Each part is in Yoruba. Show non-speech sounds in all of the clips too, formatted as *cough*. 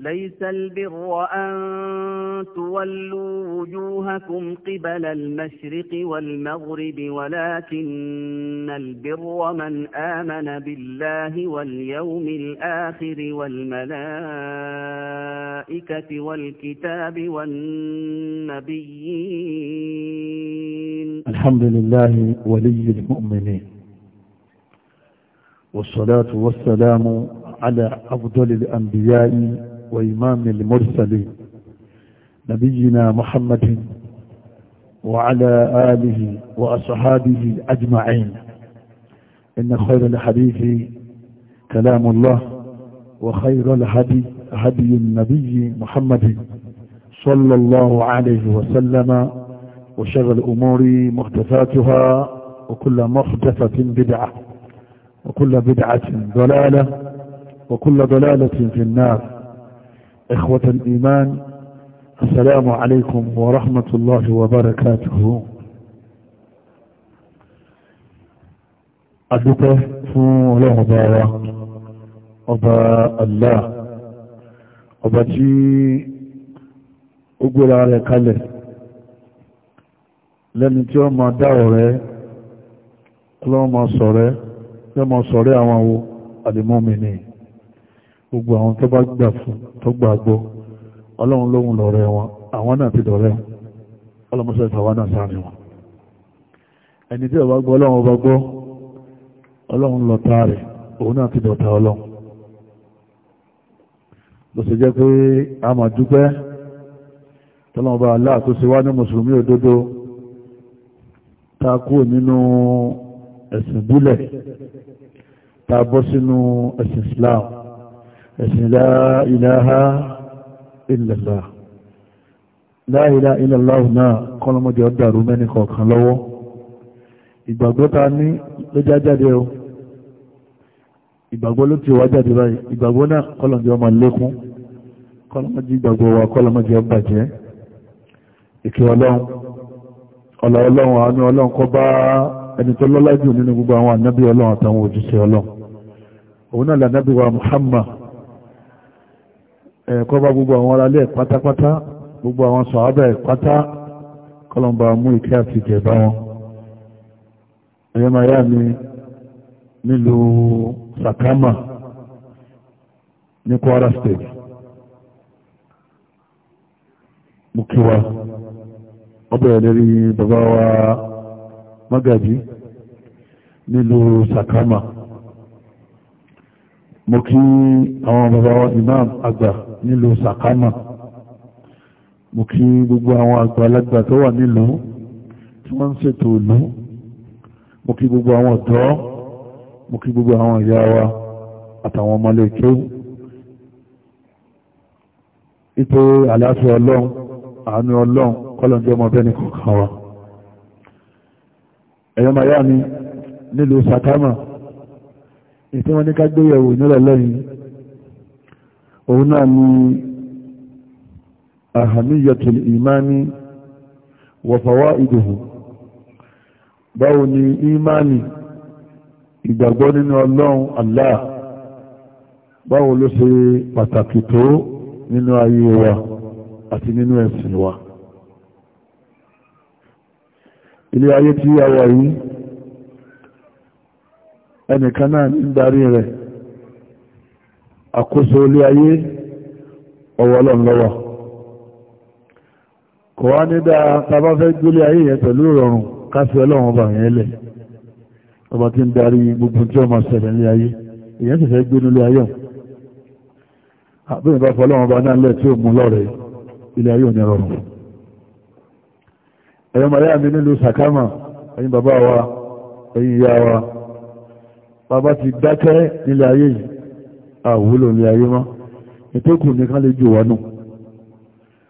ليس البر أن تولوا وجوهكم قبل المشرق والمغرب ولكن البر من آمن بالله واليوم الآخر والملائكة والكتاب والنبيين الحمد لله ولي المؤمنين والصلاة والسلام على أفضل الأنبياء وإمام المرسلين نبينا محمد وعلى آله وأصحابه أجمعين إن خير الحديث كلام الله وخير الهدي هدي النبي محمد صلى الله عليه وسلم وشر الأمور محدثاتها وكل محدثة بدعة وكل بدعة ضلالة وكل ضلالة في النار إخوة الإيمان السلام عليكم ورحمة الله وبركاته أدوك فون له باوة أبا الله أبا جي أقول على قلب لأن داوري دعوة ما صوري لما صوري أمامه المؤمنين gbogbo àwọn tó bá gbà fún tó gbà gbọ́ ọlọ́run lóhun lọ́rẹ́ wọn àwọn náà ti dọ̀rẹ́ ọlọ́mọṣẹ́ ìtàwọn náà sáré wọn ẹni tí ọba gbọ́ ọlọ́run ọba gbọ́ ọlọ́run lọ tá rẹ̀ tọ́lọ́mọba aláàtúnṣe wá ní mùsùlùmí òdodo ta nínú ẹ̀sìn búlẹ̀ ta bọ́ sínú ẹ̀sìn Islam ẹ̀sìn láìláha ìlàlá láìlá ìlàlá náà kọ́lọ́mọ́jẹ́ ọ̀dàrú mẹ́ni kọ̀ọ̀kan lọ́wọ́ ìgbàgbọ́ ta ní ló jájáde o ìgbàgbọ́ ló ti wá jáde báyìí ìgbàgbọ́ náà kọ́lọ́mọ́jẹ́ ọmọ lékún kọ́lọ́mọ́jẹ́ ìgbàgbọ́ wa kọ́lọ́mọ́jẹ́ ọbàjẹ́ ìkẹ́ ọlọ́run ọlá ọlọ́run àánú ọlọ́run kọ́ bá ẹni tó lọ́lá kọba gbogbo àwọn ará lẹ́ pátápátá gbogbo àwọn sàábà pátá kọlọmbà mú ìkẹ́ àti ìjẹ̀bá wọn ẹ̀yẹ́mà ni mi nílùú Sakama ní Kwara State mú kí wa ọbẹ̀ lórí bàbá wa Magaji nílùú Sakama mo kí àwọn bàbá wa Imam àgbà nílùú sàkámà mo kí gbogbo àwọn àgbàlagbà tó wà nílùú tí wọ́n ń ṣètò ìlú mo kí gbogbo àwọn ọ̀dọ́ mo kí gbogbo àwọn ìyá wa àtàwọn ọmọlé kéwù ipò àlàáfíà ọlọ́run àánú ọlọ́run kọ́lọ̀njẹ́ ọmọ kọ̀ọ̀kan wa ẹ̀yọ́ màyá mi nílùú sàkámà ìtí wọ́n ní ká gbéyẹ̀wò nílẹ̀ lẹ́yìn òun náà ni ahamiyatul imani wa fawaiduhu báwo ni imani Allah báwo ló ṣe pàtàkì tó nínú ayé wa àti nínú ẹ̀sìn wa ilé ayé tí a wà yìí ẹnìkan náà ń darí rẹ̀ àkóso ilé ayé ọwọ́ ọlọ́run lọ́wọ́ kò wá ní dáa tàbá fẹ́ gbélé ayé yẹn pẹ̀lú ìrọ̀rùn káfí ọlọ́run ọba yẹn lẹ̀ ọba tí ń darí gbogbo tí ọmọ ṣẹlẹ̀ ní ayé èyàn sì fẹ́ gbénú ilé ayé àbí ìbá fọ́ ọlọ́run ọba náà lẹ̀ tí ó mú lọ́rẹ̀ẹ́ ilé ayé ò rọrùn ẹ̀yọ́ màlẹ́ àmì nílùú sàkámà ẹ̀yin bàbá wa ẹ̀yin ìyá wa bàbá ti dákẹ́ nílé ayé yìí àwúlò ní ayé mọ́ ìtókù ní kán lè jù wọnú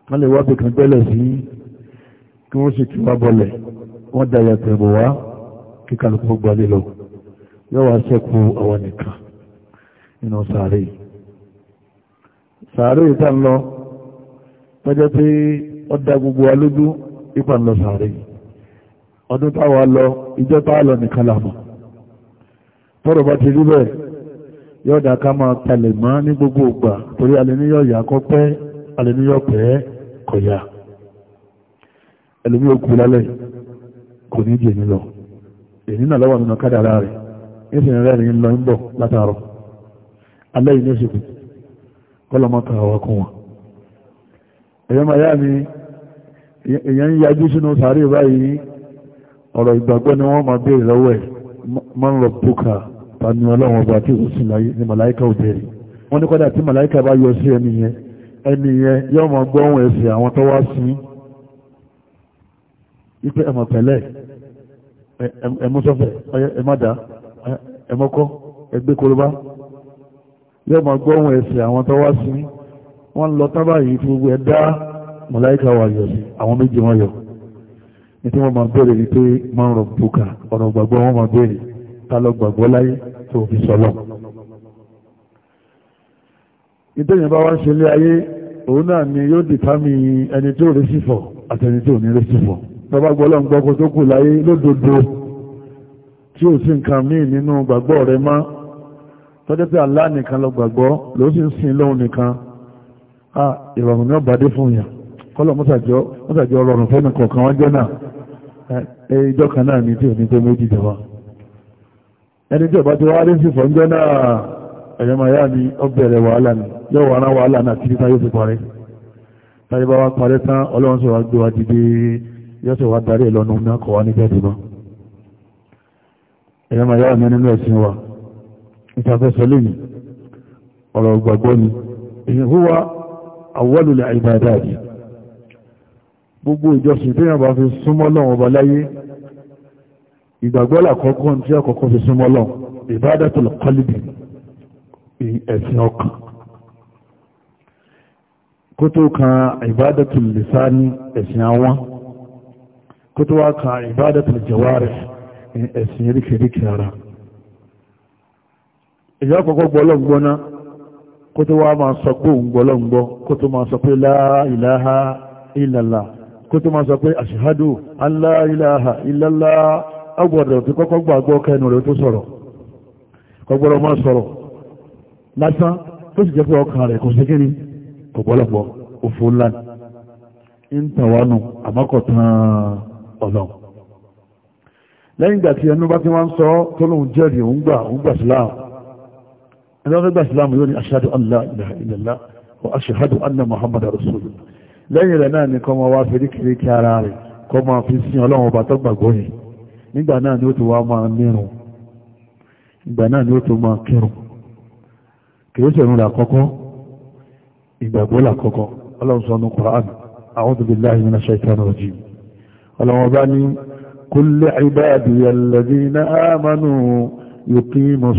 kán lè wá pẹ̀kan tẹ́lẹ̀ sí kí wọ́n sì kí wá bọ́lẹ̀ wọ́n dáyà tẹ̀bọ̀ wá kí kálukú gbalé lọ yóò wá sẹ́kù àwọn nìkan nínú sàárè sàárè ìta ń lọ tọ́jọ́ pé ó dá gbogbo wa lójú ipa ń lọ sàárè ọdún táwa lọ ìjọ táwa lọ nìkan làmọ̀ tọ́rọ̀ bá ti rí bẹ́ẹ̀ yọ́dá ká máa talẹ̀ máa ní gbogbo ògbà torí alẹ́níyọ̀ yà kọ́ pẹ́ alẹ́níyọ̀ kọ̀yà ẹlòmí lálẹ̀ kò ní jẹ́ nílọ èyí náà lọ́wọ́ nínú kádàrá rẹ̀ nísìnyí rẹ̀ lọ ń bọ̀ látàrọ tàbí ọlọ́run ọba tí ó sì ní màláíkà ò bẹ̀rẹ̀ wọ́n ní kọ́dà tí màláíkà bá yọ sí ẹni yẹn ẹni yẹn yọ́ mọ̀ gbọ́hùn ẹsẹ̀ àwọn tó wá sí ipe ẹ̀mọ̀ pẹ̀lẹ́ ẹ̀mọ́sọ́fẹ̀ ẹ̀mọ́dá ẹ̀mọ́kọ́ ẹgbẹ́ korobá yọ́ mọ̀ gbọ́hùn ẹsẹ̀ àwọn tó wá sí wọ́n ń lọ tábà yìí tí gbogbo ẹ̀ dá màláíkà wà yọ sí àwọn méjì wọn yọ ní tí máa bẹ̀rẹ̀ ní máa ń rọ̀ bùkà ọ̀rọ̀ gbàgbọ́ wọn máa bẹ̀rẹ̀ ta lọ gbàgbọ́ láyé tó fi sọ́lọ́ ìtẹ́yìn bá wá ń ṣe ilé ayé òun náà ni yóò dìtámì ẹni tó rí sífọ̀ àtẹni tó ní rí sífọ̀ bàbá gbọ́lọ́ ń gbọ́kọ tó kù láyé lódodo tí ò sí nǹkan míì nínú gbàgbọ́ rẹ mọ́ tọ́jọ́ pé Allah nìkan lọ gbàgbọ́ ló sì ń sin lóhun nìkan a ìrọ̀rùn ní ọ̀bàdé fún yàn kọ́lọ̀ mọ́sàjọ́ rọrùn fẹ́nìkọ̀ọ̀kan wájọ́ náà ìjọ kan náà ní tí ò ní tó méjì jọba ẹni tí ọba ti wá rí sí fọ́njọ́ náà ẹ̀yọ́mọ̀ yá ni ó bẹ̀rẹ̀ wàhálà ni yóò wà rán wàhálà náà títí táyé fi parẹ́ táyé bá wá parẹ́ tán ọlọ́run sì wá gbé wa dìde yóò sì wá darí ìlọ́nu náà kọ̀ wá ní gbogbo ìjọsìn tí yàbá fi súnmọ́ lọ́wọ́ ọba láyé ìgbàgbọ́ làkọ́kọ́ tí àkọ́kọ́ fi súnmọ́ lọ ìbádàtul qalbi ẹ̀sìn ọkàn kó tó kan ìbádàtul lisani ẹ̀sìn àwọn kó tó wá kan ìbádàtul jawarih ẹ̀sìn eríkèríkè ara ìyá àkọ́kọ́ gbọ́lọ́gbọ́ná kó tó wá máa sọ pé òun gbọ́lọ́gbọ́ kó tó máa sọ pé la ilaha illallah kó tó máa sọ pé ashhadu an la ilaha illallah ọgbọ̀dọ̀ tí kọ́kọ́ gbàgbọ́ kẹnu rẹ̀ tó sọ̀rọ̀ kọgbọ́rọ̀ máa sọ̀rọ̀ lásán tó sì jẹ́ pé ọkàn rẹ̀ kò sí kí ni kọ̀pọ̀lọpọ̀ òfò ńlá ń tàwánù àmọ́kọ̀tàn ọ̀nà lẹ́yìn ìgbà tí ẹnu bá ti wá ń sọ tó lóun jẹ́rìí òun gbà òun gbà síláàmù ẹni wọ́n fẹ́ gbà síláàmù yóò ní ashhadu an la wa ashhadu anna muhammad rasulullah lẹ́yìn rẹ̀ náà ni kọ́ máa wá fi rí kiri kí ara rẹ̀ kọ́ máa fi sin ọlọ́run ọba tó gbàgbọ́ yìí nígbà náà ni ó ti wá máa mírùn ìgbà náà ni ó ti máa kírùn kìí ṣe ìrúnlẹ̀ àkọ́kọ́ ìgbàgbọ́ làkọ́kọ́ ọlọ́run sọ ní Qur'an a'udhu billahi minash shaitani rajim ọlọ́run bá ní kulli ibadiya alladhina amanu yuqimus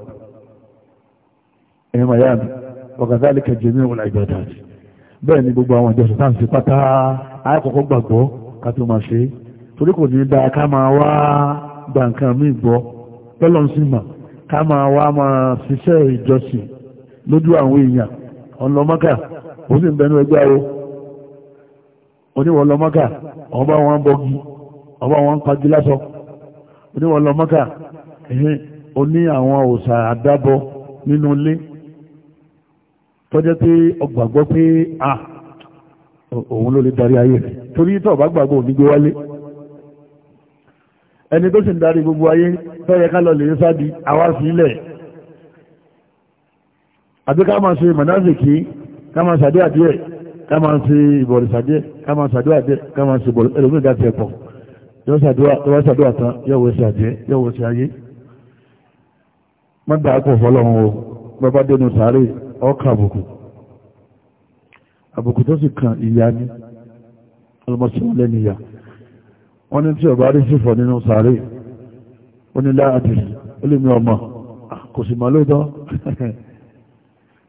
ẹ̀yìn miami ọ̀gáfẹ́lì kẹjẹmí òun àìbẹ̀dà bẹ́ẹ̀ ni gbogbo àwọn ìjọsìn táǹsì pátá àkọ́kọ́ gbàgbọ́ ká tó máa ṣe torí kò ní dáa ká máa wá gba nǹkan míì gbọ́ lọ́lọ́n sì mà ká máa wá máa ṣiṣẹ́ ìjọsìn lójú àwọn èèyàn ọlọ́mọ́kà ó sì ń bẹnu ẹgbẹ́ o oníwọ̀lọ́mọ́kà ọba wọn bọ́gi ọba wọn pagi lásọ oníwọ̀lọ́mọ́kà ẹ̀hìn oní àwọn òòṣà àdábọ nínú ilé tọ́jẹ́ pé ọgbàgbọ́ pé à òun ló lè darí ayé rẹ̀ torí tọ́ bá gbàgbọ́ òní gbé wálé ẹni tó sì ń darí gbogbo ayé tọ́yẹ ká lọ lè sáàdì àwa sílẹ̀ àbí ká máa ṣe mọ̀násìkì ká máa ṣàdé àdíẹ̀ ká máa ṣe ìbọ̀rìṣàdé ká máa ṣàdé àdíẹ̀ ká máa ṣe ẹlòmíga ti ẹ̀pọ̀ yóò ṣàdúrà tán yóò wọ́n ṣe àdíẹ̀ yóò wọ́n ṣe ayé ọkà àbùkù àbùkù tó sì kan ìyá ní ọlọ́mọsíwọ́n lẹ́ni ìyá wọ́n ní tí ọba rí sífọ̀ nínú sàárè ó ní láàdì ó lè mi ọmọ kò sì máa lóòótọ́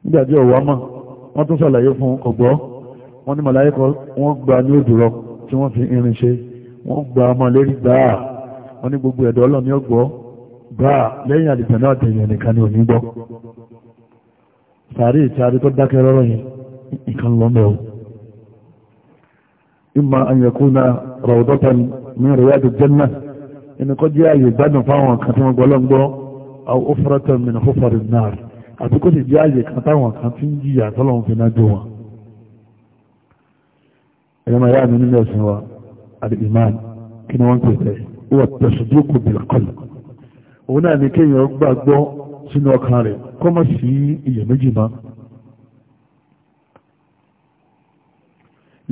nígbàtí ọ̀wọ́ mọ̀ wọ́n tún sàlàyé fún ọgbọ́ wọ́n ní màláyíkọ́ wọ́n gba ní òdùrọ̀ tí wọ́n fi irin ṣe wọ́n gba ọmọ lérí gbáà wọ́n ní gbogbo ẹ̀dọ́ ọlọ́ni ọgbọ́ gbáà lẹ́yìn àdìgbẹ̀ náà tẹ̀yìn ẹ̀nìkan ni ò ní gbọ́ sàárì ìtàrí tó dákẹ́ rọ́rọ́ yẹn nǹkan lọ mẹ́ o imma an yakuna rawdatan min riyadi janna ẹni kọ́ jẹ́ àyè gbádùn fáwọn kan tí wọ́n gbọ́ lọ́gbọ́ aw hufratan min hufari an-nar àti kó sì jẹ́ àyè kan táwọn kan tí ń jìyà tọ́lọ́run fi náà jò wọn sínú ọkàn rẹ̀ kó má sí iyèméjì mọ́.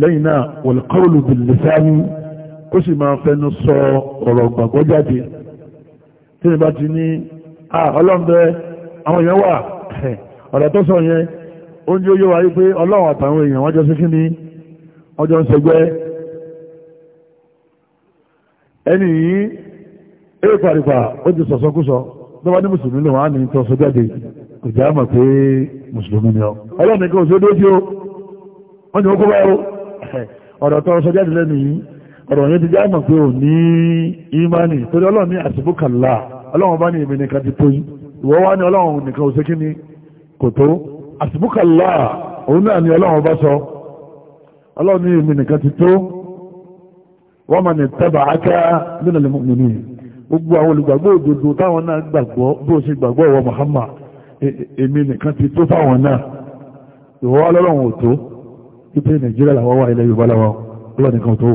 lẹ́yìn náà wọ̀lùkọ́ọ̀lù bìlì sáyé kó sì máa fẹnu sọ ọ̀rọ̀ gbàgbọ́ jáde tí ìbá ti ní ọlọ́mbẹ àwọn èèyàn wà *laughs* ọ̀rọ̀ tó sọ yẹn ó ń yóò wáyé pé ọlọ́run àtàwọn èèyàn wọ́n sí kíní wọ́n ń ṣẹgbẹ́ ẹni yìí èrè pàrìpà ó ti sọ̀sọ́kúsọ tọ́wọ́ ní mùsùlùmí lè wọ́n á ní tọ́ sọ jáde kò já mọ̀ pé mùsùlùmí ni ọ ọlọ́run nìkan òṣèlú ojú o wọ́n ti wọ́n kó bá o ọ̀rọ̀ tọ́ sọ jáde lẹ́nu yìí ọ̀rọ̀ yẹn ti já mọ̀ pé ò ní ìmánì torí ọlọ́run ní àsìkò kàlá ọlọ́run bá ní èmi nìkan ti tó yìí wá ní ọlọ́run nìkan ò sékí ni kò tó àsìkò kàlá òun náà ni ọlọ́run bá sọ ọlọ́run ní èmi nìkan ti tó wọ́n mọ̀ ní tẹ́bà áká gbogbo àwọn olùgbàgbọ́ òdodo táwọn náà gbàgbọ́ bó ṣe gbàgbọ́ ìwọ Muhammad e, e, èmi nìkan ti tó fáwọn náà ìwọ ọlọ́run ò tó títí Nàìjíríà làwọn wà ilẹ̀ Yorùbá làwọn ọlọ́run nìkan tó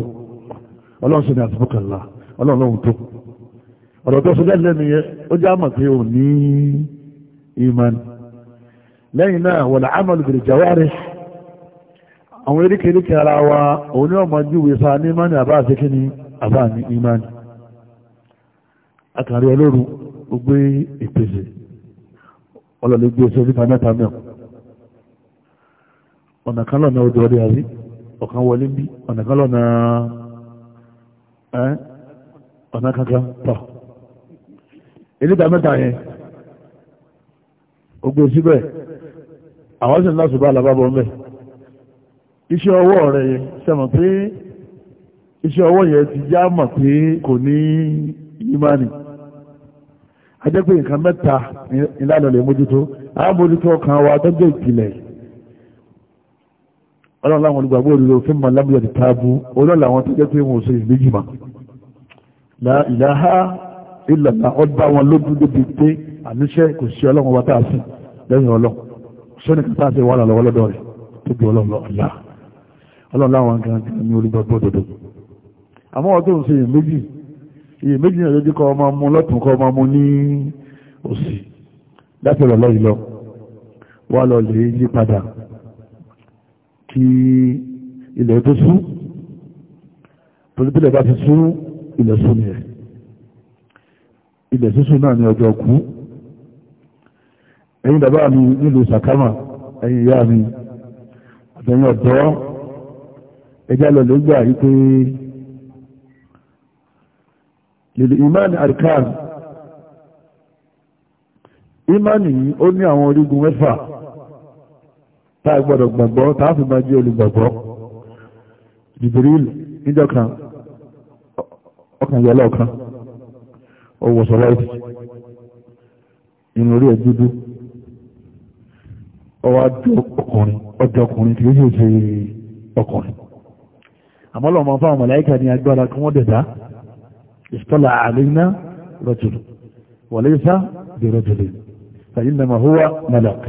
ọlọ́run sọ ní àtúbọ̀kànlá tó ọ̀rọ̀ akàrí ẹlóru ogbe ìpèsè ọlọ́lẹ̀ gbé ẹsẹ̀ nípa mẹ́ta mẹ́ọ̀ ọ̀nà kan lọ́nà odò ọdẹ àrí ọ̀kan wọlé bí ọ̀nà kan lọ́nà ọ̀nà kankan tọ̀ mẹ́ta yẹn ó síbẹ̀ àwọn sì ń alábàbọ̀ mẹ́ iṣẹ́ ọwọ́ rẹ̀ yẹn pé iṣẹ́ ọwọ́ yẹn ti já mọ̀ pé kò ní ajẹ́ pé nǹkan mẹ́ta ìlànà lè mójútó àmójútó ọkàn wa tọ́jọ́ ìpìlẹ̀ ọlọ́run láwọn olùgbàgbọ́ òrìrò fún mọ̀ lábúyọ̀ ti tábú tó jẹ́ pé wọn ò ṣe ìgbéjì mà la ilaha illallah ọba wọn lójú débi pé àníṣe kò sí ọlọ́run wa tá a sìn lẹ́yìn ọlọ́run sọ́ni kí tá a ṣe wà lọ́wọ́ lọ́dọ̀ rẹ̀ tó bí ọlọ́run kan ní olùgbàgbọ́ òdodo àmọ́ ọdún ṣe ìgbéjì iye méjì náà lójú kọ́ ọmọ mú lọ́tún kọ́ ọmọ mú ní òsì látọ̀rọ̀ lọ́yìn lọ wà lọ lè yí padà kí ilẹ̀ tó sú tolúbílẹ̀ bá ti sú ilẹ̀ sú ni ẹ̀ ilẹ̀ sísú náà ni ọjọ́ kú ẹ̀yin bàbá mi nílùú sàkámà ẹ̀yin ìyá mi àtẹ̀yìn ọ̀dọ́ ẹjá lọ lè gbà wípé lèlè ìmáàni àríkáàrù ìmáàni yìí ó ní àwọn orígun mẹ́fà tá a gbọ́dọ̀ gbàgbọ́ tá a fi máa jẹ́ olùgbàgbọ́ Jibril níjọ́ kan ọkàn yọ lọ́ọ̀kan owó sọ̀láìtì ìrìnrí ẹ̀ dúdú ọwọ́ adó ọkùnrin ọjọ́ ọkùnrin kìí ṣe ọkùnrin اصطلع علينا رجل وليس برجل فإنما هو ملاك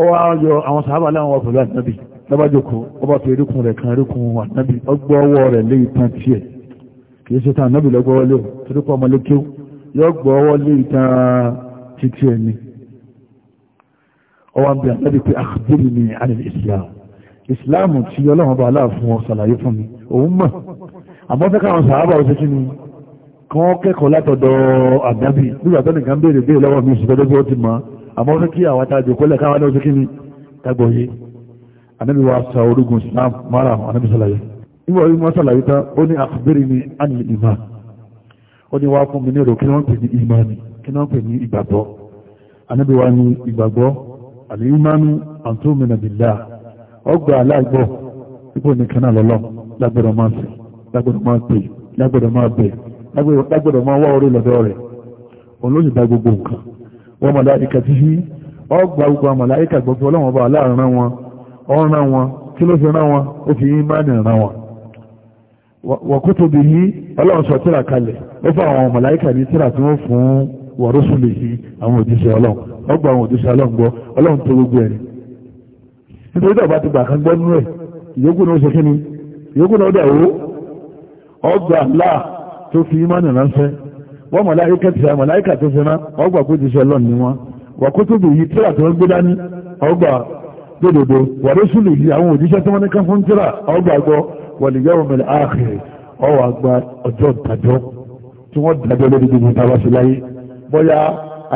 ọwọ́ àwọn sàábà láwọn wà pẹ̀lú ànábì lọ́bájókò ọba fi erékùn rẹ̀ kan erékùn ànábì ọgbọ́ ọwọ́ rẹ̀ lé ìtàn tí ẹ̀ kìí ṣe tán ànábì lọ́gbọ́wọ́ lé torípọ̀ ọmọ lékíó yọ gbọ́ ọwọ́ lé ìtàn títí ẹ̀ ni ọwọ́ àbí ànábì pé àkàbírì ni àlè ìsìláàmù ìsìláàmù tí ọlọ́run bá aláà fún ọ ṣàlàyé fún mi òun mọ̀ àmọ́ fẹ́ káwọn sàábà ọ̀sẹ̀ kí ni kan kẹ́kọ̀ọ́ látọ̀dọ̀ àdábì nígbà tó nìkan béèrè béèrè lọ́wọ́ mi ṣùgbọ́n tó ti mọ́ àmọ́ fẹ́ kí àwọn àtàjò kọ́lẹ̀ káwọn náà ọ̀sẹ̀ kí ni tagbọ̀yé anábì wa sa orígun islam mara anábì sàlàyé nígbà orí mọ́ sàlàyé tán ó ní àkùbẹ́rẹ́ ni a ní ìmá ó ní wá fún mi ní èrò kí wọ́n pè ní ìmá ni kí lọ́lọ́ lágbẹ̀rọ máa sìn lágbọ́dọ̀ máa wá orí lọ́dọ̀ rẹ̀ dá gbogbo nǹkan wọ́n màláìka tí sí ọgbà gbogbo àmàláìka gbogbo ọlọ́wọ́n ọba láàrin wọn ọ̀ràn wọn kí ló fi rán wọn ó fi yín máa nìran wọn wọ̀kútùbì yìí ọlọ́run sọ tíra kalẹ̀ ó fún àwọn ní tíra tí wọ́n fún lè àwọn ọlọ́run àwọn ọgbà láà tó fi ìmánì ránṣẹ́ wọ́n màláíkà ti ṣe màláíkà tó ṣe ná ọgbà kó ti ṣe lọ́nà ni wọ́n wà kó tóbi yìí tíra tó ń gbé dání ọgbà gbódòdó wà rẹ́sùlù yìí àwọn òjíṣẹ́ tó wọ́n ní ká fún tíra ọgbà gbọ́ wàlìyàwó mẹ́lẹ̀ áàkiri ọwọ́ àgbà ọjọ́ ìdájọ́ tí wọ́n dájọ́ lórí gbogbo ìtawà sí láyé bọ́yá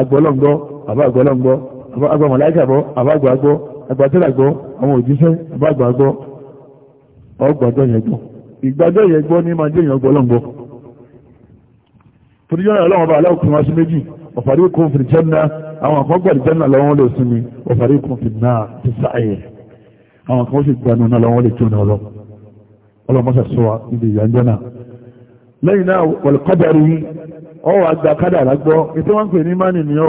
agbọ́lọ́ngbọ́ àbá agbọ́lọ́ngbọ́ Ị yẹn gbọ́ ní máa jẹ́yàn gbọ́lọ́gbọ́ torí yọ́nà ọlọ́wọ́ bá aláwọ̀kùn wá sí méjì ọ̀fàrí kún fi jẹ́nà àwọn kan gbọ́dì jẹ́nà lọ́wọ́ lè ọ̀fàrí kún fi náà ti sáàyè àwọn sì náà lọ́wọ́ lè sọ ìyá lẹ́yìn náà wọ̀lẹ̀ kọ́dàrí ètò wọn pè ní mánì o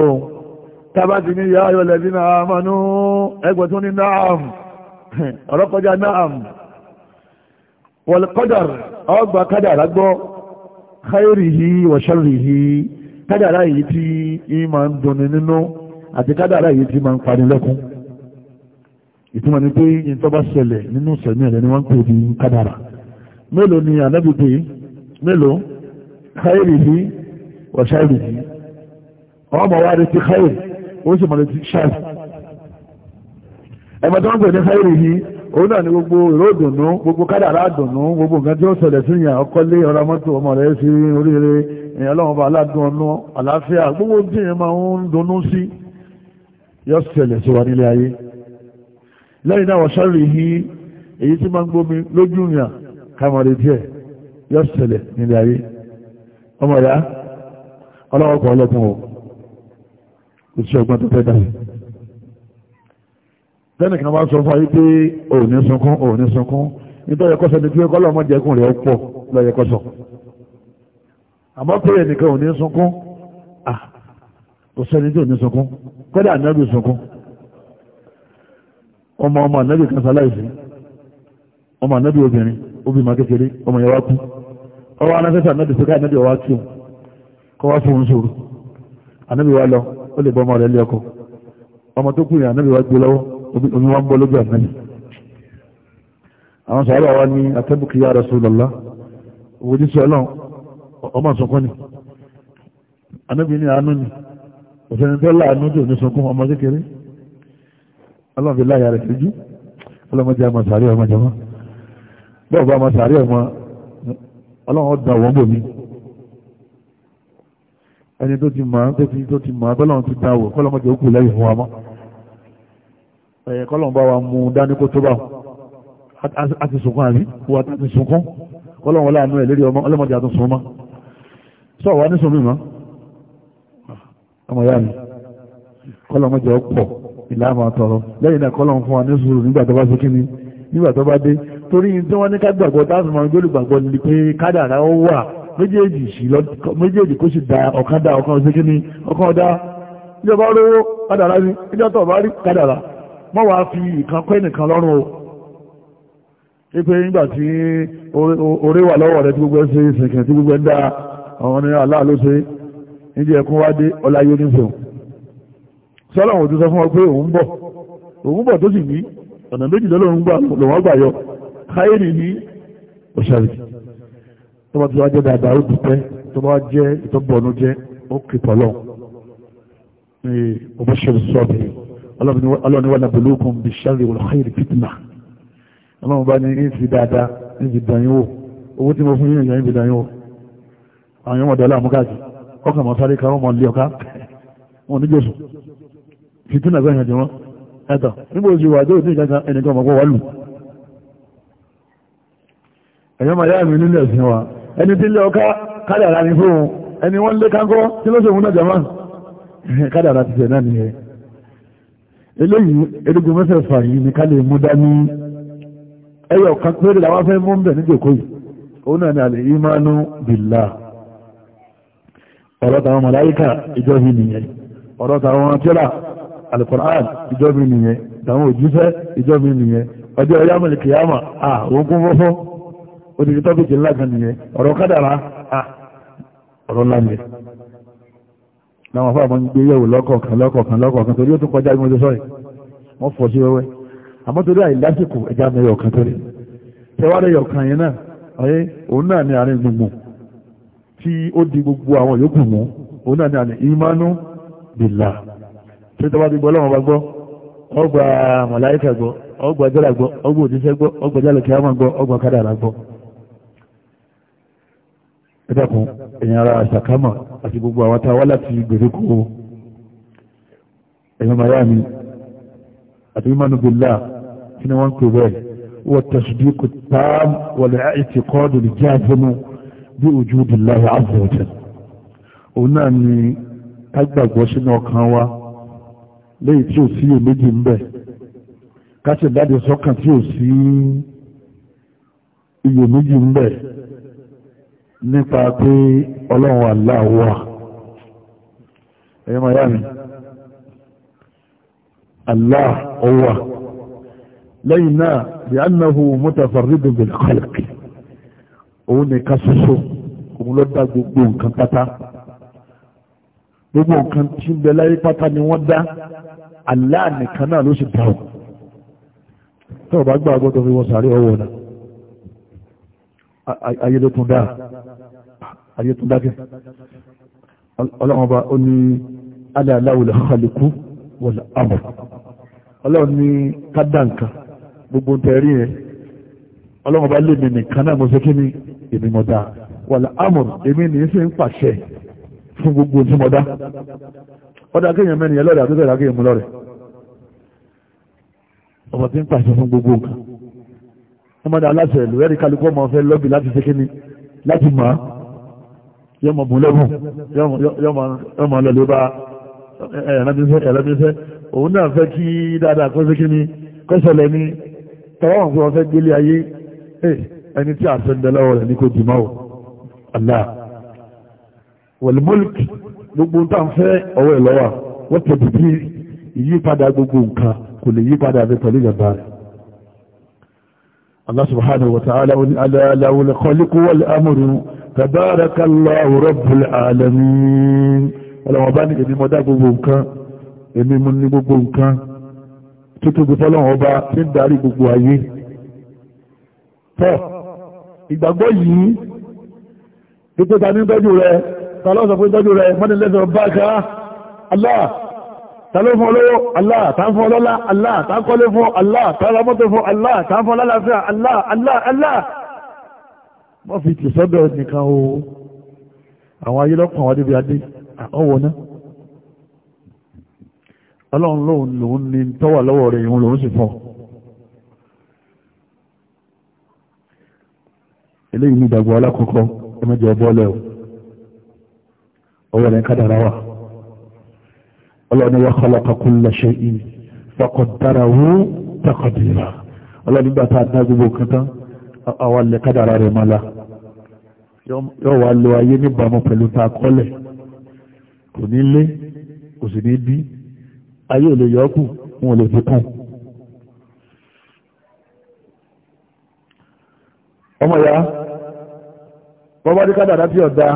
ti ní yá ayọ̀lẹ̀ wọ̀lẹ̀kọ́dàr ọgbà kádàrá gbọ́ káyọ̀rìhì wọ̀ṣọ́rìhì kádàrá yìí tí í máa ń dunni nínú àti kádàrá yìí tí máa ń parí lẹ́kún ìtumọ̀ ni pé ìtọ́ba ṣẹlẹ̀ nínú sẹ̀mí ẹ̀rẹ́ ni wọ́n ń pè ní kádàrá mélòó ni ànábì pé mélòó káyọ̀rìhì wọ̀ṣọ́rìhì ọmọ wa retí káyọ̀ ó sì mọ̀ retí ṣáà ẹ̀mọ̀tọ́ ń pè ní káyọ̀rìhì òun náà ni gbogbo ìró dùnú gbogbo kádàrá dùnú gbogbo nǹkan tí ó ṣẹlẹ̀ sí ìyàn ọkọ́lé ọ̀rọ̀ mọ́tò ọmọ rẹ̀ sí oríire ìyàn ọlọ́run bá aládùn ọ̀nà àlàáfíà gbogbo tí ìyàn máa ń dunnú sí yọ ṣẹlẹ̀ sí wa nílé ayé lẹ́yìn náà wọ́n yí èyí tí máa ń gbómi lójú ìyàn kàmọ̀rẹ̀ díẹ̀ yọ ṣẹlẹ̀ nílé ayé ọmọ ìyá ọlọ́wọ́ kan ọlọ́kùn ò tẹ́nì kan bá sọ fún ayé pé òní sunkún òní sunkún nítorí ẹ̀kọ́ sọ ni pé kọ́lọ́ ọmọ jẹ́kùn rẹ̀ pọ̀ lọ́yẹ kọ́ sọ àmọ́ pé ẹnìkan òní sunkún kò sẹ́ni tí òní sunkún kọ́dà ànábì sunkún ọmọ ọmọ ànábì kan sáláìsí ọmọ ànábì obìnrin obì máa kékeré ọmọ yẹn wá kú ọwọ́ anáfẹ́sẹ̀ ànábì sọ́kà ànábì ọwá kí òun kọ́ wá fún sòrò ànábì wá lọ ó lè bọ́ ọmọ omi wọn bọ́ lójú àmẹ́lì àwọn sàárà wa ní atẹ́bùkì ya Rasulullah owó ní sí ọlọ́run ọmọ sunkún ni anábì ní àánú ni òṣèlú tó láàánú tó ní sunkún ọmọ kékeré ọlọ́run fi láyà rẹ̀ síjú ọlọ́mọdé àmọ́ sàárì ọmọ jọmọ́ bọ́ọ̀ bá àmọ́ sàárì ọmọ ọlọ́run ọdún àwọn bò mí ẹni tó ti mọ̀ tó ti mọ̀ abẹ́lọ́run ti dáwọ̀ kọ́lọ́mọdé ó kù lẹ́yìn fún wa mọ́ kọ́lọ̀ bá wa mú dání kó tó bá a ti sunkún àbí wà á ti sunkún kọ́lọ̀ wọn láàánú ẹ̀ lérí ọmọ ọlọ́mọdé àtún sun mọ́ sọ wà ní sunmi mọ́ ọmọ yá mi ní sùúrù nígbà tó bá ṣe ni nígbà tó bá dé torí tí wọ́n ní ká gbàgbọ́ táàsì máa ń gbólù gbàgbọ́ ni pé kádàrá ó wà méjèèjì kó sì da ni ọ̀kan da ilé ọba rówó kádàrá ni ilé ọtọ̀ ọba mọ́ wàá fi ìkan kọ́ ẹnìkan lọ́rùn o wípé nígbà tí orí wà lọ́wọ́ rẹ̀ tí gbogbo ẹ ṣe ìsìnkìn tí gbogbo ẹ ń dá àwọn ní aláà ló ṣe níbi ẹ̀kún wá dé ọláyé oníṣòun sọ́lọ́wọ̀n ò ti sọ fún ọ pé òun bọ̀ òun bọ̀ tó sì ní ọ̀nà méjìlélógún gbà lòun gbà yọ káyérì ní òṣàlì tó bá ti wá jẹ́ dáadáa ó dùpẹ́ tó bá jẹ́ ìtọ́bọ̀ọ́nú jẹ́ ó kìtọ̀ lọ́wọ́ ní ọmọ ṣẹlẹ̀ ọlọ́ni wọ́n nàbẹ̀lú okùn bí ṣáàrì olùkọ́yèrè fitna ọlọ́run bá ní ní ti dáadáa ní ti dàn yíwò owó tí mo fún yíyan yíyan ìbìdàn yíwò àwọn yọmọdé aláàmúkáàkì ọkàn mọ sáré ká wọn mọ lé ọká wọn ní jésù fitna gbẹ̀yìn àjọ wọn ẹ̀tọ́ nígbà oṣù wàjọ òdì ìjàngá ẹnìkan ọmọ wọ́n lù ẹ̀yọ́ máa yá mi nílé ẹ̀sìn wa ẹni tí lé ọká kádàrá ni fún ẹni wọ́n lé kánkọ́ tí ló ṣe òun náà jàmá kádàrá ti tẹ̀ náà nìyẹn eléyìí erigun mẹ́fẹ̀ẹ̀fà yìí ni ká lè mú dání ẹyọ kan péré làwọn fẹ́ mú bẹ̀ níjòkó yìí òun náà ni àlè ìmánú bìlá ọ̀rọ̀ tàwọn màláíkà nìyẹn ọ̀rọ̀ tàwọn tíra láwọn afọ́ àwọn gbé yẹ̀wò lọ́kọ̀ọ̀kan lọ́kọ̀ọ̀kan lọ́kọ̀ọ̀kan torí ó tún kọjá bí mo ti wọ́n fọ́ sí wẹ́wẹ́ àmọ́ torí àìlásìkò ẹja mẹ́yọ̀ kan torí tẹwárẹ̀ yọ̀ kan yẹn náà ọ̀yẹ́ òun náà ní àárín tí ó di gbogbo àwọn yòókù mú òun náà ní àárín ìmánú bìlà tí tọ́wá ti gbọ́ lọ́wọ́ àti gbogbo àwọn tá a wá láti gbèríkò ẹ̀yọ́ miami àti imanu billah kí ni wọ́n ń pè bẹ́ẹ̀ wọ́n tasdiqu tam wal i'tiqadu al-jazimu bí wujudillahi azza wa jalla òun náà ni ká dáde sọ́kàn tí ò sí iyèméjì ń bẹ̀ nípa pé ọlọ́run aláwọ̀ ẹ̀yọ́ miami aláwọ̀ lẹ́yìn náà bí annahu mutafarridu bil khalq òun nìkan ṣoṣo òun ló dá gbogbo nǹkan pátá gbogbo nǹkan tí ń bẹ láyé pátá ni wọ́n dá Allah nìkan náà ló sì dá o bá gbàgbọ́ tó fi wọ́n sàárè ọwọ́ náà ayé ayé tó dákẹ́ ọlọ́mọba ó ní aláàláwòlẹ̀ ọ̀hálẹ̀kú wọ̀lẹ̀ àmọ̀ ọlọ́run ní kádà nǹkan gbogbo tẹ̀rí yẹn ọlọ́mọba lè mi nìkan náà mo ṣe kí ni èmi mọ̀ dáa wọ̀lẹ̀ àmọ̀ èmi ní í ṣe ń pàṣẹ fún gbogbo tí mo dá ọdá kéèyàn mẹ́rin yẹn lọ́rẹ̀ àti bẹ̀rẹ̀ akéèyàn mú lọ́rẹ̀ ọmọ tí ń pàṣẹ fún gbogbo nǹkan ọmọdé aláṣẹ ìlú ẹ̀rí ọmọ fẹ́ lọ́bì láti ṣe kí ni láti mọ̀ yọ mọ̀ bùn lẹ́bùn yọ mọ̀ lọ lè bá ẹ̀rẹ́bíṣẹ́ òun náà fẹ́ kí dáadáa kó sí kí ni kọ́sẹ̀lẹ̀ ni tọ́wọ́n fún ọfẹ́ gbélé ayé ẹni tí àṣẹ ń bẹ lọ́wọ́ rẹ̀ ní kò dìmọ́ ò Allah wọ̀lùmọ́lùkì gbogbo tá ń fẹ́ ọwọ́ ẹ̀ lọ́wọ́ wọ́n tẹ̀lé bí ìyípadà wa ta'ala aláwọ̀lẹ̀ kọ́líkú tabarakallahu rabbul alamin ọlọ́wọ́n bá ní èmi mo dá gbogbo nǹkan èmi mo ní gbogbo nǹkan tuntun bí fọ́lọ́wọ́n ọba tí ń darí gbogbo ayé tọ́ ìgbàgbọ́ yìí dípò ta ní tọ́jú rẹ ta lọ́sọ̀ fún tọ́jú rẹ mọ́nilẹ́sọ̀ bá ká Allah ta ló fún olówó Allah ta ń fún ọlọ́lá Allah ta ń kọ́lé fún Allah ta ń ra fún Allah ta ń fún ọlọ́lá wọ́n fi tì sọ́dọ̀ nìkan o àwọn ayé lọ́kàn wá débi adé ọwọ́ náà ọlọ́run lóun lòun ni tọ́wà lọ́wọ́ rẹ̀ ìhun lòun sì fọ́ eléyìí ní ìdàgbọ́ alákọ̀ọ́kọ́ ẹmẹ́jọ bọ́ọ̀lẹ̀ ọwọ́ rẹ̀ kádàrá wà ọlọ́run wa khalaqa kulla shay'in faqaddarahu taqdira ọlọ́run nígbà tá a dá gbogbo kan àwọn alẹ́ kádàrá rẹ̀ máa la yóò wá lo ayé níbàámu pẹ̀lú ta kọ́lẹ̀ kò ní lé kò sì ní bí ayé ò lè yọ́kù wọn ò lè fi kàn. ọmọ ya bọ́bá dé kádàrá tí ọ̀dà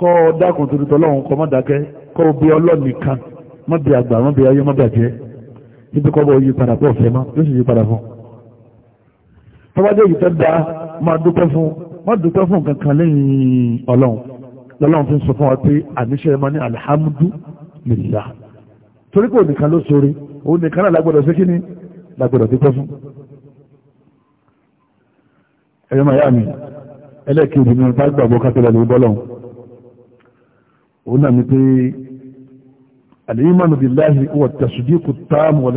kọ́ ọ dákùn torí tọ́lọ́hún kọ́ mọ́ dákẹ́ kọ́ ọ bí ọlọ́ọ̀nì kan mọ́ bí àgbà mọ́ bí ayé mọ́ bí àjẹ́ níbi kọ́ bọ́ yí padà pọ̀ fẹ́ mọ́ yóò sì yí padà fún. tọ́wádé yìí fẹ́ da máa dúpẹ́ fún má dúpẹ́ fún nǹkan kan lẹ́yìn ọlọ́run lọ́lọ́run fi ń sọ fún wa pé àníṣe ẹ̀ máa ní alihamudu lillah torí pé ònìkan ló sọre òun nìkan náà lágbọ́dọ̀ sí kí ni lágbọ́dọ̀ dúpẹ́ fún. ẹ̀yọ́ màá yá mi ẹlẹ́ẹ̀kejì ni bá gbàgbọ́ kátólà ló bọ́lọ́run òun náà ni pé al-imanu billahi huwa at-tasdiqu at-tam wal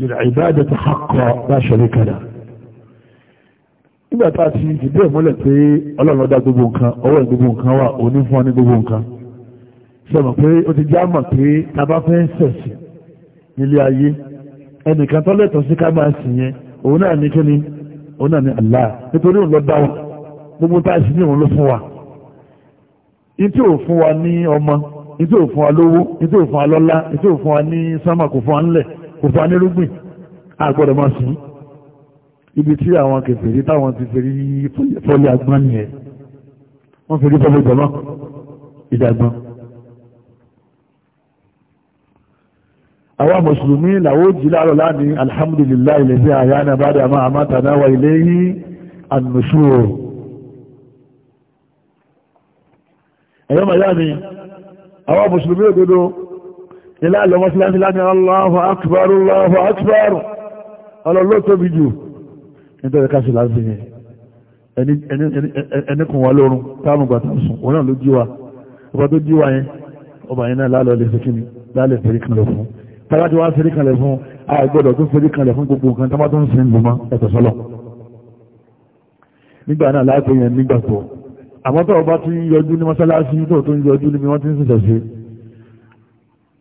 للعبادة حقا لا شريك له nígbà tá a ti ìdí ẹ̀ mọ́lẹ̀ pé ọlọ́run dá gbogbo nǹkan ọwọ́ ẹ̀ gbogbo nǹkan wà òní fún ọ ní gbogbo nǹkan sọ̀rọ̀ pé ó ti já mọ̀ pé ta bá fẹ́ sẹ̀sì nílé ayé ẹnìkan tó lẹ́tọ̀ọ́ sí ká máa sì yẹn òun náà ní kíni òun náà ní Allah nítorí òun lọ dá wa gbogbo tá a sì ní òun ló fún wa ìtí ò fún wa ní ọmọ ìtí ò fún wa lówó ìtí ò fún wa lọ́lá ìtí ò fún wa ní sámà kò fún wa ńlẹ̀ kò fa nírúgbìn àgbọ̀dọ̀ máa sí ibi tí àwọn kèfèrí táwọn ti fèrí fọ́lé agbọ́n nìyẹn wọ́n fèrí fọ́lé jọmọ́ ìdàgbọ́n àwọn mùsùlùmí làwó jí láàrọ̀ láàrin alhamdulillah ilẹ̀ sí àyà náà bá dà máa máta ilé yí ànùsùrò ẹ̀yọ́ màyá ni àwọn mùsùlùmí òdodo ilá àlọ́ mọ́síláṣí láti Allahu Akbar Allahu Akbar ọlọ́lọ́ tóbi jù nítorí káṣí láti yẹn ẹnikùn wa lórun táàmù gbàtà sùn òun náà ló jí wa ọba tó jí wa yẹn ọba yẹn náà lálọ́ lè fi kíni lálẹ́ fèrè kan lọ fún tàbá tí wá fèrè kan lẹ fún àgbọ̀dọ̀ tó fèrè kan lẹ fún gbogbo nǹkan tàbá tó ń sin lùmọ́ ẹ̀tọ́ sọ́lọ̀ nígbà náà láàpẹ̀ yẹn nígbàgbọ́ àmọ́ tó ọba ti yọjú ní mọ́sálásí tó tó ń yọjú ní mi wọ́n ti ń sẹ̀sẹ̀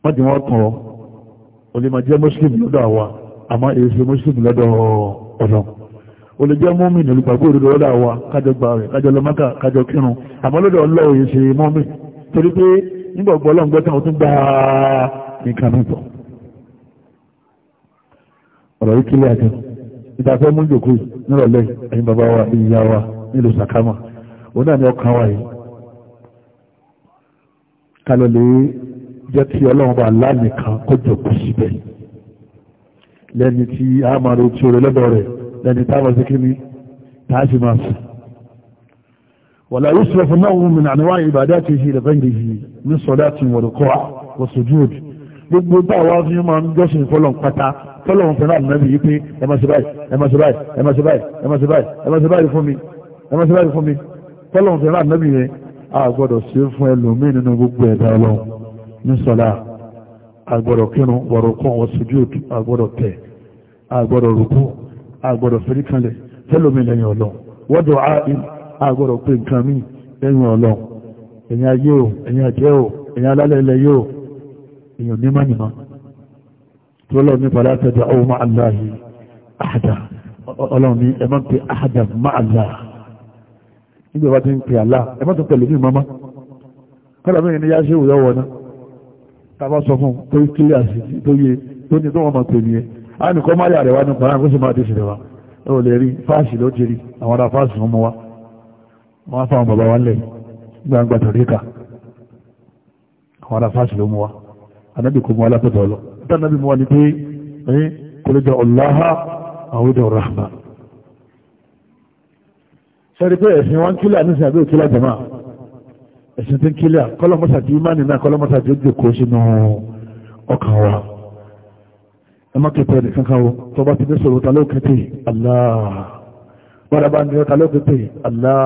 wọ́n ti wọ́n tán ọ o lè máa jẹ́ muslim lọ́dọ̀ àwa àmọ́ èyí ṣe muslim lọ́dọ̀ ọ̀dọ̀ o lè jẹ́ mọ́mìn olùgbàgbọ́ òdodo lọ́dọ̀ àwa kájọ gba rẹ̀ kájọ lọ́mọ́kà kájọ kírun àmọ́ lọ́dọ̀ ọlọ́wọ́ èyí ṣe mọ́mìn torí pé nígbà ọgbọ́ ọlọ́run gbọ́tàn ó tún gba nǹkan ni jẹ́ kí ọlọ́run bá lánìkan kọjọ kù síbẹ̀ lẹ́ni tí a máa ro tí orí lọ́dọ̀ rẹ̀ lẹ́ni tá a máa síkí ní tààsì máa sùn wàlá yóò sọ fún náà wọn mìíràn níwáyé ìbàdí àti ìṣe ìrẹ̀fẹ́ ìgbèjì ní sọ̀dá ti wọ̀n kọ́ wọ́n sojú òdì gbogbo táwa fi máa ń jọ́sìn fọlọ́n pátá fọlọ́n fẹ́ràn ànábì yìí pé ẹ máa báyìí ẹ máa báyìí ẹ máa báyìí ẹ máa báyìí fún mi ẹ máa báyìí fún mi fọlọ́n fẹ́ràn ànábì yẹn ní sọ́lá agbọ́dọ̀ kírun wọ̀rọ̀kún wọ̀sùjúd agbọ́dọ̀ tẹ̀ agbọ́dọ̀ rúkú agbọ́dọ̀ fẹ́ríkanlẹ̀ tẹ́lómi lẹ́yìn ọlọ́run wọ́dọ̀ áì agbọ́dọ̀ pé nǹkan mí lẹ́yìn ọlọ́run ẹ̀yin ayé o ẹ̀yin àjẹ́ o ẹ̀yin alálẹ̀ ilẹ̀ yóò èèyàn ní má nìmá ní bàlá tẹ́jọ ní ẹ má pe tàbá sọ fún tó kílẹ̀ àṣìṣe tó yẹ tó ní tó wọ́n máa pè ní ẹ a nìkan má yà rẹ̀ wá ní kọ́ra kó sì máa dé sílẹ̀ wa ó lè rí fáàsì ló ti rí àwọn ará fáàsì wọn mú wa wọn á fáwọn bàbá wa lẹ̀ gbangba tòríkà àwọn ará fáàsì ló mú wa anábì kò mú alápẹ̀tọ̀ lọ tánàbì mú wa ni pé kò lè jọ ọ̀láhà àwùjọ rahman sẹ́ni pé ẹ̀sìn wọn kílẹ̀ àníṣe àbí òkílẹ̀ jẹ̀máà ẹ̀sìn tí ń kílẹ̀ kọ́lọ́mọ́sà tí ìmánì náà kọ́lọ́mọ́sà tí ó jòkó sínú ọkàn wa ẹ má kẹtẹ nìkan kan o tó bá ti ní sọ̀rọ̀ ta ló kẹtẹ Allah bọ́dà bá ní ta ló kẹtẹ Allah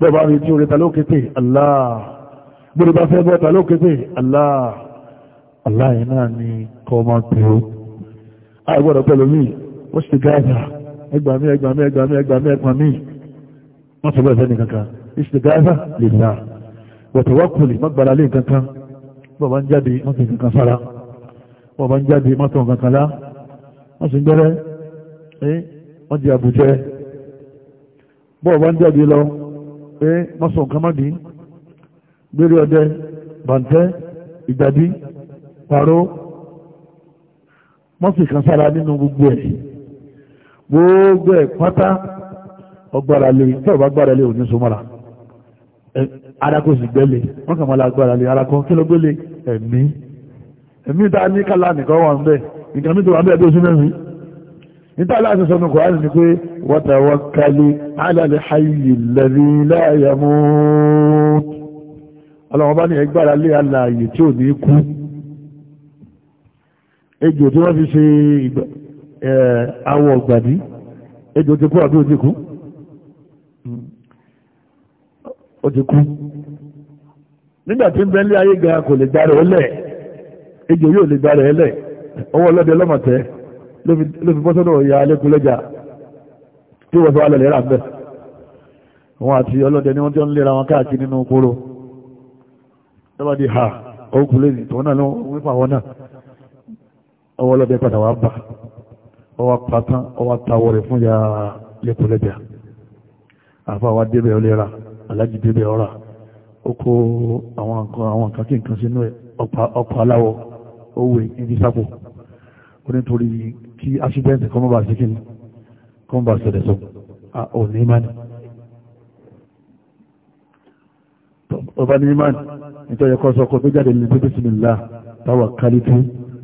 bọ́dà bá rí tí orí ta ló kẹtẹ Allah bọ́dà bá fẹ́ bọ́ ta ló kẹtẹ Allah Allah yìí náà ni kọ́ máa pè ó àìgbọ́dọ̀ pẹ̀lú mi ó sì gáàdà ẹgbàmí ẹgbàmí ẹgbàmí ẹgbàmí ẹgbàmí wọ́n sọ bẹ́ẹ̀ fẹ́ nìkan kan ìṣègáàdà lè náà wọ̀tẹ̀wọ́kùnlé mọ́gbàlá lé nǹkan kan bọ́ọ̀ bá ń jáde mọ́tò nǹkan kan fara bọ́ọ̀ bá ń jáde mọ́tò nǹkan kan lá wọ́n sì ń gbẹ́rẹ́ ẹ́ wọ́n di àbùjẹ́ bọ́ọ̀ bá ń jáde lọ ẹ́ mọ́sọ̀ nǹkan má dín ọdẹ bàǹtẹ́ ìjàdí pàró mọ́sì kan sára nínú gbogbo ẹ̀ gbogbo ẹ̀ pátá ọgbàrà lè tọ́ọ̀bá gbàrà lè òní arakó sì gbẹ́lẹ̀ wọ́n kàn máa lágbára lè arakọ́ kí ló gbẹ́lẹ̀ ẹ̀mí ẹ̀mí tá ní kálá nìkan wà ń bẹ̀ nǹkan mi tó wà ń bẹ̀ bí oṣù mẹ́rin níta aláṣẹ sọ nù kọ́ránì ni pé wa tawakkalu ala al-hayyi alladhi la yamut ejò tí wọ́n fi ṣe ti kú ó ti kú nígbàtí ń bẹ́ńlé ayé gan kò lè darẹ̀ ó lẹ̀ ejò yóò lè darẹ̀ ẹ lẹ̀ ọwọ́ ọlọ́dẹ lọ́mọ̀tẹ́ ló fi bọ́sọ́dọ̀ ìyá alẹ́kùn lẹ́jà tí wọ́n sọ alẹ́ lẹ́ra bẹ́ẹ̀ wọn àti ọlọ́dẹ ni wọ́n tí ó ń lera wọn káàkiri nínú kóró lọ́wọ́ di ha ọkùnrin lè tọ́nà ló wí fàwọn náà ọwọ́ ọlọ́dẹ padà wá bà ọwọ́ pátán ọwọ́ tawọ̀ rẹ̀ fún ìyá alẹ́kùn lẹ́jà àfa wa débẹ̀ alájí débẹ̀ ọ̀rà ó kó àwọn nǹkan àwọn nǹkan kí nǹkan sínú ẹ̀ ọkọ̀ aláwọ̀ òwe ibi sápò ó nítorí kí accident kọ́ mọ́ bá sí kíni kọ́ mọ́ bá ṣẹlẹ̀ sọ ò ní ìmánì ọba ní ìmánì nítorí ẹ̀kọ́ sọ ọkọ̀ tó jáde ní pé bismillah tawakkaltu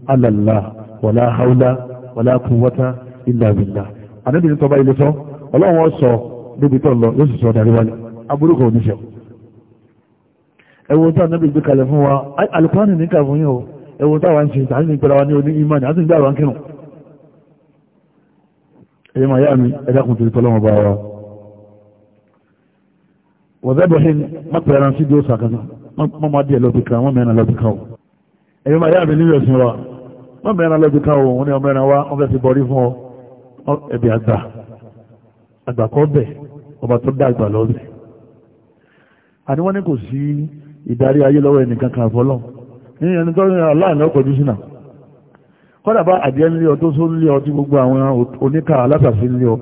ala Allah wala hawla wala quwwata illa billah àdébìnrin tọba ilé sọ ọlọ́run ọ̀sọ̀ débi tọ̀ lọ yóò sì sọ ọ̀dà rí wálé aburúkọ oníṣẹ́ ẹwọ tí a nẹ́bí kalẹ̀ fún wa alùpàánì ní kàfún yíò ẹwọ tí a wà ń ṣe ìtàlẹ́ ní ìpẹ́ra wa ní oní ìmáni àti ìgbà àwọn kírùn ẹ̀yẹ máa yá mi ẹ̀dàkùn tó tọ́lọ́wọ́ bá wa wọ̀zẹ́bọ̀hìn mọ́pẹ̀rẹ̀ sí di ó sàkánná mọ́ máa díẹ̀ lọ́bì kan wọ́n mẹ́rin o ẹ̀yẹ máa ọba tó dá àgbà lọ́bẹ̀ àti wọ́n ní kò sí ìdarí ayé lọ́wọ́ ẹnìkan kan àfọlọ́ ní ẹni tó ní aláàánú ọkọ̀jú sínà kọ́dà bá àjẹ́ ńlé ọ tó só ńlé ọ tí gbogbo àwọn oníkà alátàfin ńlé ọ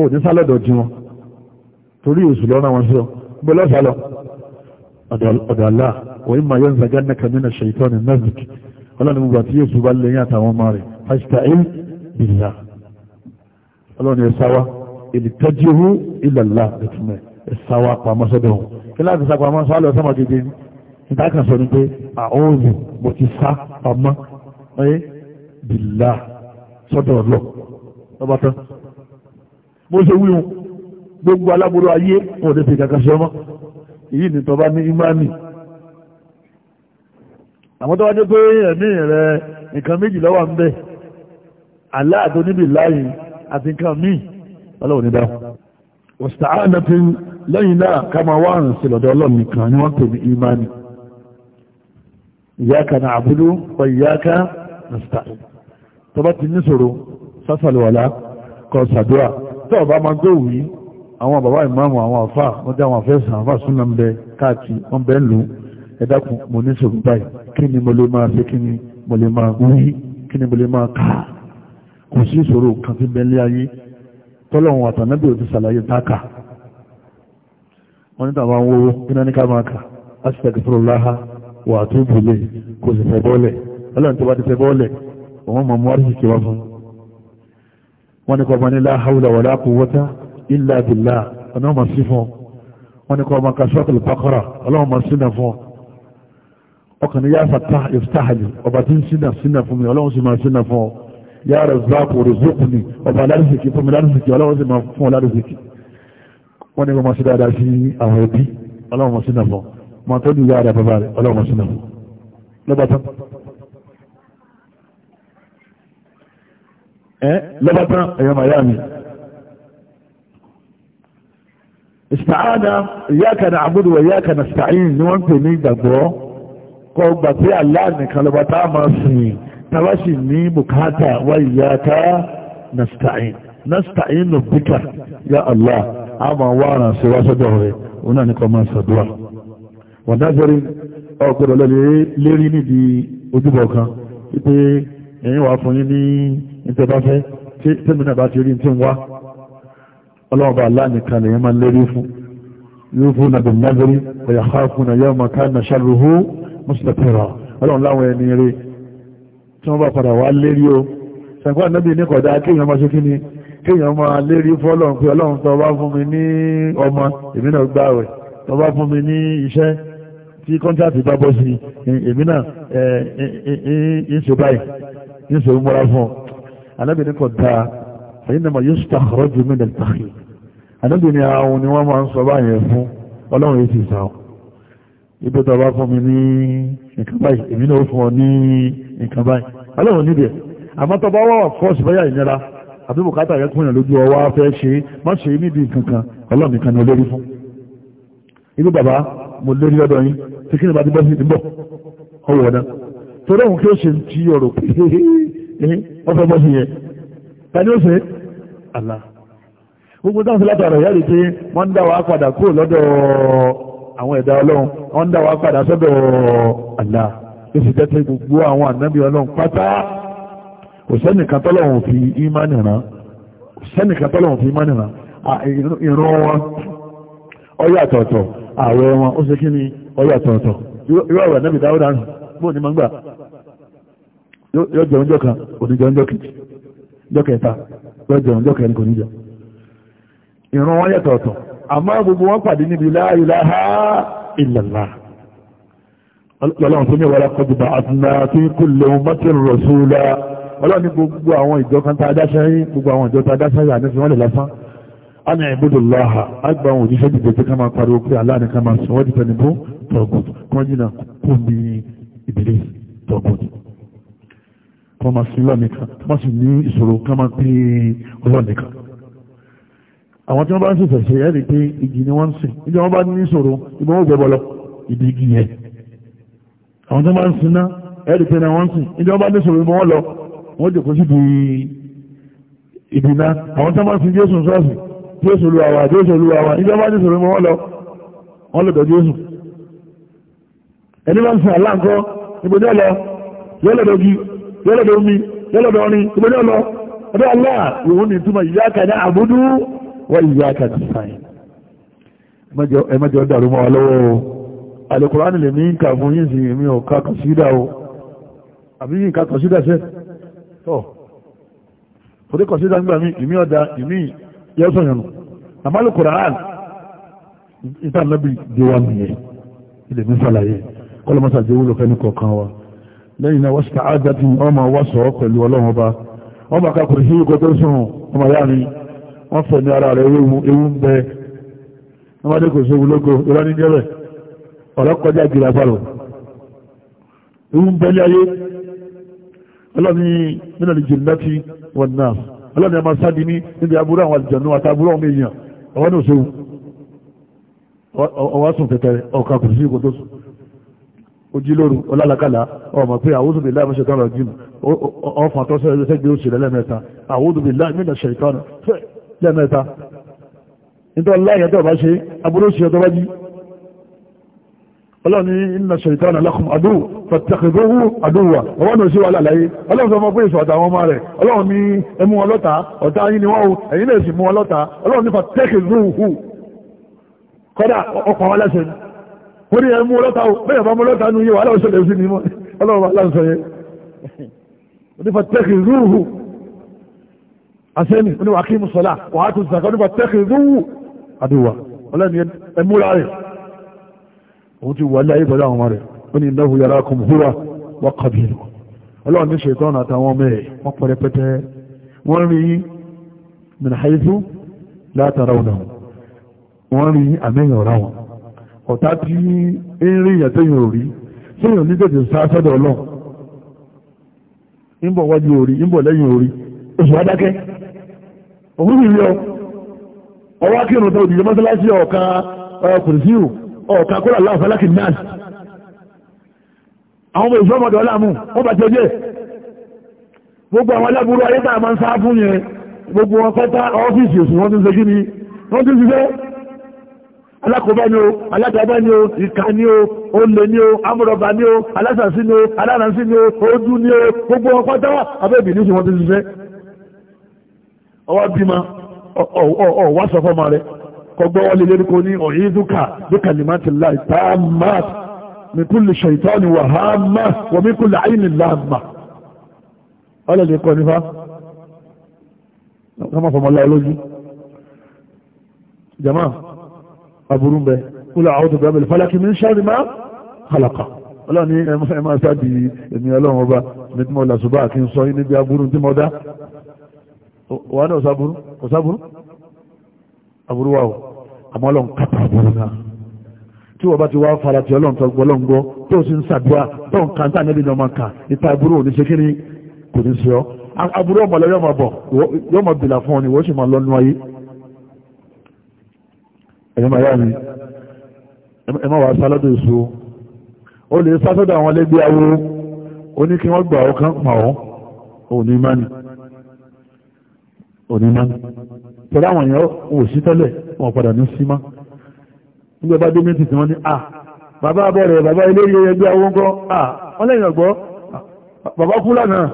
ó ní sálọ̀dọ̀ tí wọn torí èṣù lọ́nà wọn sí ọ gbé lọ́sàlọ́ ọ̀dọ̀ àlá òun máa yọ nzàgá náà kàmínà ṣèyítọ́ ní nazik ọlọ́run gbogbo àti yéṣu bá lẹ́yìn àtàwọn ọmọ rẹ̀ pásítà il bìlá ọlọ́run ẹ̀ ìlítọ́jú ilẹ̀ ńlá sáwà pamọ́ sọ́dọ̀ wọn kí láti sá pamọ́ sọ́ àlọ́ sọ́mọ́ gidi ìdákan sọ ni pé àóòrùn mo ti sá pamọ́ ẹ bìlá sọ́dọ̀ ọlọ́ lọ́ba tán bó ṣe wíwọ́n gbogbo aláboró ayé wọn ò ní fi kankan ṣe ọmọ èyí ni tọba ní imani àwọn tó wájú pé ẹ̀mí rẹ nǹkan méjì lọ́wọ́ ń bẹ aláàtò níbi láàyè àti nǹkan míì ọlọ́wọ́ ní dáhùn wọ́n lẹ́yìn náà ká máa wá àrùn sí lọ́dọ̀ ọlọ́run nìkan ni wọ́n pè ní imani ìyáka na àbúrú wa ìyáka nasta'in tó bá ti níṣòro sásàlùwàlá kọ sàdúrà tó ọba máa gbé òwì àwọn bàbá ìmáàmù àwọn àfà wọ́n jẹ́ àwọn àfẹ́sàn àfà súnà ń bẹ káàkiri wọ́n bẹ ń lò ẹ dákun mo níṣòro báyìí kí ni mo lè máa ṣe kí ni mo lè máa wí kò sí ìṣòro kan tí bẹ́ẹ̀ lé ayé tọ́lọ́run àtànábì ò ti ṣàlàyé wọ́n ní tàbá owó iná ní káàmàkà astaghfirullah wà àtúbùlẹ̀ kò sì fẹ́ bọ́ọ̀lẹ̀ ọlọ́run tó bá ti fẹ́ bọ́ọ̀lẹ̀ òun mọ̀ mú àríṣìkí wá fún wọ́n ní kọ́mọ ní ní kọ́mọ ka suratul baqara ọlọ́run mọ̀ ọlọ́run sì máa fún ọ yá razzaq rizqni ọba alárìsìkì fún mi ọlọ́run sì máa wọ́n ní wọ́n sí dáadáa sí àwọn ẹbí ọlọ́run sí nàfọ́ ma tó ní yára bàbá rẹ̀ ọlọ́run sí nàfọ́ lọ́bátán ẹ́ lọ́bátán ẹ̀yọ́ miami ìsìtàánà ìyáka na àbúrò wẹ̀ ìyáka na sàáyìn ni wọ́n pè ní ìgbàgbọ́ kọ́ gbà pé Allah nìkan lọ́bátán máa sìn tàbá sì ní bùkátà ya Allah Ama wá àràn sí wá sọ́dọ̀ rẹ̀ òun náà ní kọ́ máa sàdúrà wọ́n dájọ́rí ọgbọ̀dọ̀ lọ́lẹ̀ lérí níbi ojúbọ kan wípé ẹ̀yìn wà fún yín ní ìtẹ́báfẹ́ tẹ́mìnà bá ti rí tí ń wá ọlọ́ọ̀bà aláàmìkan lèyàn máa lérí fún yóò fún nàbẹ̀ nàbẹ̀rí ọ̀yà káàkùnà yóò máa ká nà ṣàrùhú kéèyàn máa lérí fọ́lọ́n pé ọlọ́run tó bá fún mi ní ọmọ èmi náà gbà rẹ̀ tó bá fún mi ní iṣẹ́ tí kọ́ńtàtì bá bọ́ sí èmi náà ìṣe báyìí ìṣe múra fún un alábìnrin kò dáa èyí nàmà yóò ṣùtà ọ̀rọ̀ jù mí lẹ́tà yìí alábìnrin àwọn ni wọ́n máa ń sọ báyìí fún ọlọ́run yìí ti sá ọ ibi tó bá fún mi ní nǹkan báyìí èmi náà fún ọ ní nǹkan báyìí ọlọ́run níbi ẹ̀ àmọ́ tó bá wà àbí bùkátà rẹ̀ kúnyàn lójú ọwọ́ fẹ́ ṣe má ṣe níbi kankan ọlọ́run ni olórí fún ibi bàbá mo lórí lọ́dọ̀ yín tí kí ni bá ti bọ́ sí ti bọ̀ ọwọ́ ọ̀dá torí òun kí ó ṣe ti ọ̀rọ̀ pé wọ́n fẹ́ bọ́ sí yẹn tani wa padà kúrò lọ́dọ̀ àwọn ẹ̀dá ọlọ́run wa padà sọ́dọ̀ àlá ó sì jẹ́ pé gbogbo àwọn kò sẹ́nìkan tọ́lọ́wọ̀n fi ìmánì rán kò sẹ́nìkan tọ́lọ́wọ̀n fi ìmánì rán ìran wọn ọyọ́ àtọ̀ọ̀tọ̀ ààrẹ wọn ó ṣe kí ni ọyọ́ àtọ̀ọ̀tọ̀ yóò rẹ̀ nẹ́bì dáwọ́ dáhùn ní mọ́gbà yóò jẹun la tó ní wọ́n tí ọlọ́run ní gbogbo àwọn ìjọ kan tá a dáṣẹ́ yín gbogbo àwọn ìjọ tá a dáṣẹ́ yín àníṣe wọ́n lè lásán àmì àìbódò láhà àgbà àwọn òjíṣẹ́ dìde pé ká máa pariwo pé aláàní ká máa sọ wọ́n ti tẹnu bó tọ̀gùt kọ́ jìnnà kó mi ìbílẹ̀ tọ̀gùt kọ́ máa sin lọ́nìkan kọ́ máa sì ní ìṣòro ká máa pín ọlọ́nìkan àwọn tí wọ́n bá ń sèfẹ̀ ṣe ẹ́ rí pé igi ni wọ́n wọ́n jòkó sí di ìdìnnà àwọn tó máa fi jésù sọ́ọ̀sì jésù olúwa jésù olúwa ìjọba jésù olúwa wọn lọ wọn lọ́dọ̀ jésù ẹni máa ń sin àláǹkọ́ ibodè ọlọ yọ́lọ́dọ̀ ogi yọ́lọ́dọ̀ omi yọ́lọ́dọ̀ ọrin ibodè ọlọ ọdọ́ aláà ìwọ́n ní túnmọ̀ ìyáka ní àbúdú wọ́n ìyáka ní sáyẹn ẹmọ́jọ́ dàrú mọ́ ọlọ́wọ́ alẹ́kùnrin lè ní kà fún yìí sí èmi ò ká kọ̀sídà o àbí yìí ká kọ̀sídà sẹ́ẹ̀ tọ́ kòdé kọ̀ sí dáńgbà mi ìmí ọ̀dà ìmí yẹ́sọ̀ yẹnu àmàlù Kùránì ìta nàbì dé wa ilẹ̀ mi sàlàyé kọ́lọ́mọ́sà jẹ́ wúlò fẹ́ni kọ̀ọ̀kan wa lẹ́yìn náà wọ́sùn tí wọ́n máa wá pẹ̀lú ọlọ́run ọba wọ́n máa kakùrù sí ikọ̀ tó sùn ọmọ wọ́n fẹ̀ ní ara rẹ̀ ewu ewu ń bẹ wọ́n máa sí ewu ní jẹ́rẹ̀ ọ̀rọ̀ kọjá ewu bẹ ọlọ́ni nínú ìjìnlẹ́tì wọn náà ọlọ́ni ọmọ sáàdì ní níbi aburú àwọn àjẹ̀nú àtàbúrú ọmọ èèyàn ọwọ́ ní òṣèlú ọwọ́ sùn tẹ̀tẹ̀rẹ̀ ọkà kò sí ìkò tó sùn ojú lóru ọlálàkàlà ọmọ pé àwùjọ bíi láàmú bá ṣe aburú ṣe ọlọ́ni iná ṣètàn alákùn àdó pàtàkìdówó àdówà ọwọ́ náà sí wà láàyè ọlọ́run sọ fún pé ìṣọ̀ àtàwọn ọmọ rẹ̀ ọlọ́run ní ẹmú ọlọ́ta ọ̀tá yín ni wọ́n o ẹ̀yin náà sì mú ọlọ́ta ọlọ́run ní pàtàkìdówó kọ́dà ọkọ̀ wọn lẹ́sẹ̀ ni wọ́n ní ẹmú ọlọ́ta o bẹ́ẹ̀ bá mú ọlọ́ta ọlọ́run ní ẹmú ọlọ́run òun ti wà láyé pẹ̀lú àwọn ọmọ rẹ̀ ó ní ìnáwó yàrá kùn húwa wọ́n kàbí ìlú ọlọ́run ní ṣètọ́n àtàwọn ọmọ ẹ̀ wọ́n pọ̀ rẹpẹtẹ wọ́n rí min haythu wọ́n rí àmẹ́yìn ọ̀rá wọn ọ̀tá tí ń rí ìyàn tó yàn rí tí tètè sá sọ́dọ̀ ọlọ́run ń bọ̀ wájú orí ń bọ̀ lẹ́yìn oṣù adákẹ́ ọ̀ọ̀ta kó lọ láwùfẹ́ láti náà àwọn ọmọ ìṣọ́mọdé ọlámù wọ́n bá tẹ́jẹ́ gbogbo àwọn aláburú ayé tàà máa ń sáá fún yẹn gbogbo wọn kọ́ta ọ́fíìsì òsì wọ́n ti ń ṣe kí ni wọ́n ti ń ṣiṣẹ́ alákòóbá ni o alágbàbá ni o ìkà ni o olè ni o amúrọ̀bà ni o alásàsí ni o aláransí ni o ojú ni o gbogbo wọn kọ́ta abẹ́bì ní sí wọ́n kọgbọ́ wọlé lérí kò ní ọ̀yí dúkà dúkà lèmátì láì tààmà min kulli ṣaitani wà hàmà wa min kulli àyínì láàmà ọlọ́lẹ̀ kọ́ nífà kọ́mọ̀ fọmọlá olójú jama aburú bẹ kúlọ̀ àwọn tó bẹ̀rẹ̀ fàlákì min ṣáàrì máa halaka ọlọ́ni ẹ máa sáàdì èmi ọlọ́run ọba mi tí mo là ṣùgbọ́n kí n sọ yín níbi aburú tí mo dá wà ní ọ̀sàbúrú ọ̀sàbúrú aburú wà ó àmọ́ ọlọ́run kápá àbúrò náà tí wọ́n bá ti wá fara ti ọlọ́run tọgbọ́ ọlọ́run gbọ́ tó sì ń sàdúrà tó ń kàńtà níbi ní ọmọ kà ìta àbúrò ò ní ṣe kíni kò ní ṣe ọ́ àbúrò ọmọ lọ́yọ́ máa bọ̀ yọ́ máa bìlà fún ọ ni wọ́n sì máa lọ́nu ayé ẹ̀yọ́ máa yá mi ẹ má wàá sálọ́dọ̀ èso ó lè sásọ́dọ̀ àwọn ẹlẹ́gbẹ́ awo ó kí wọ́n gbà ọ́ kán pa ọ́ òun ní òní mọ́ pẹ̀lú àwọn èèyàn wò sí tẹ́lẹ̀ wọn padà ní símá nígbà bá dé méjì tí wọ́n ní à bàbá abẹ́rẹ̀ bàbá eléyé ẹgbẹ́ àwọn kan à wọ́n lẹ́yìn ọ̀gbọ́ bàbá kú lánàá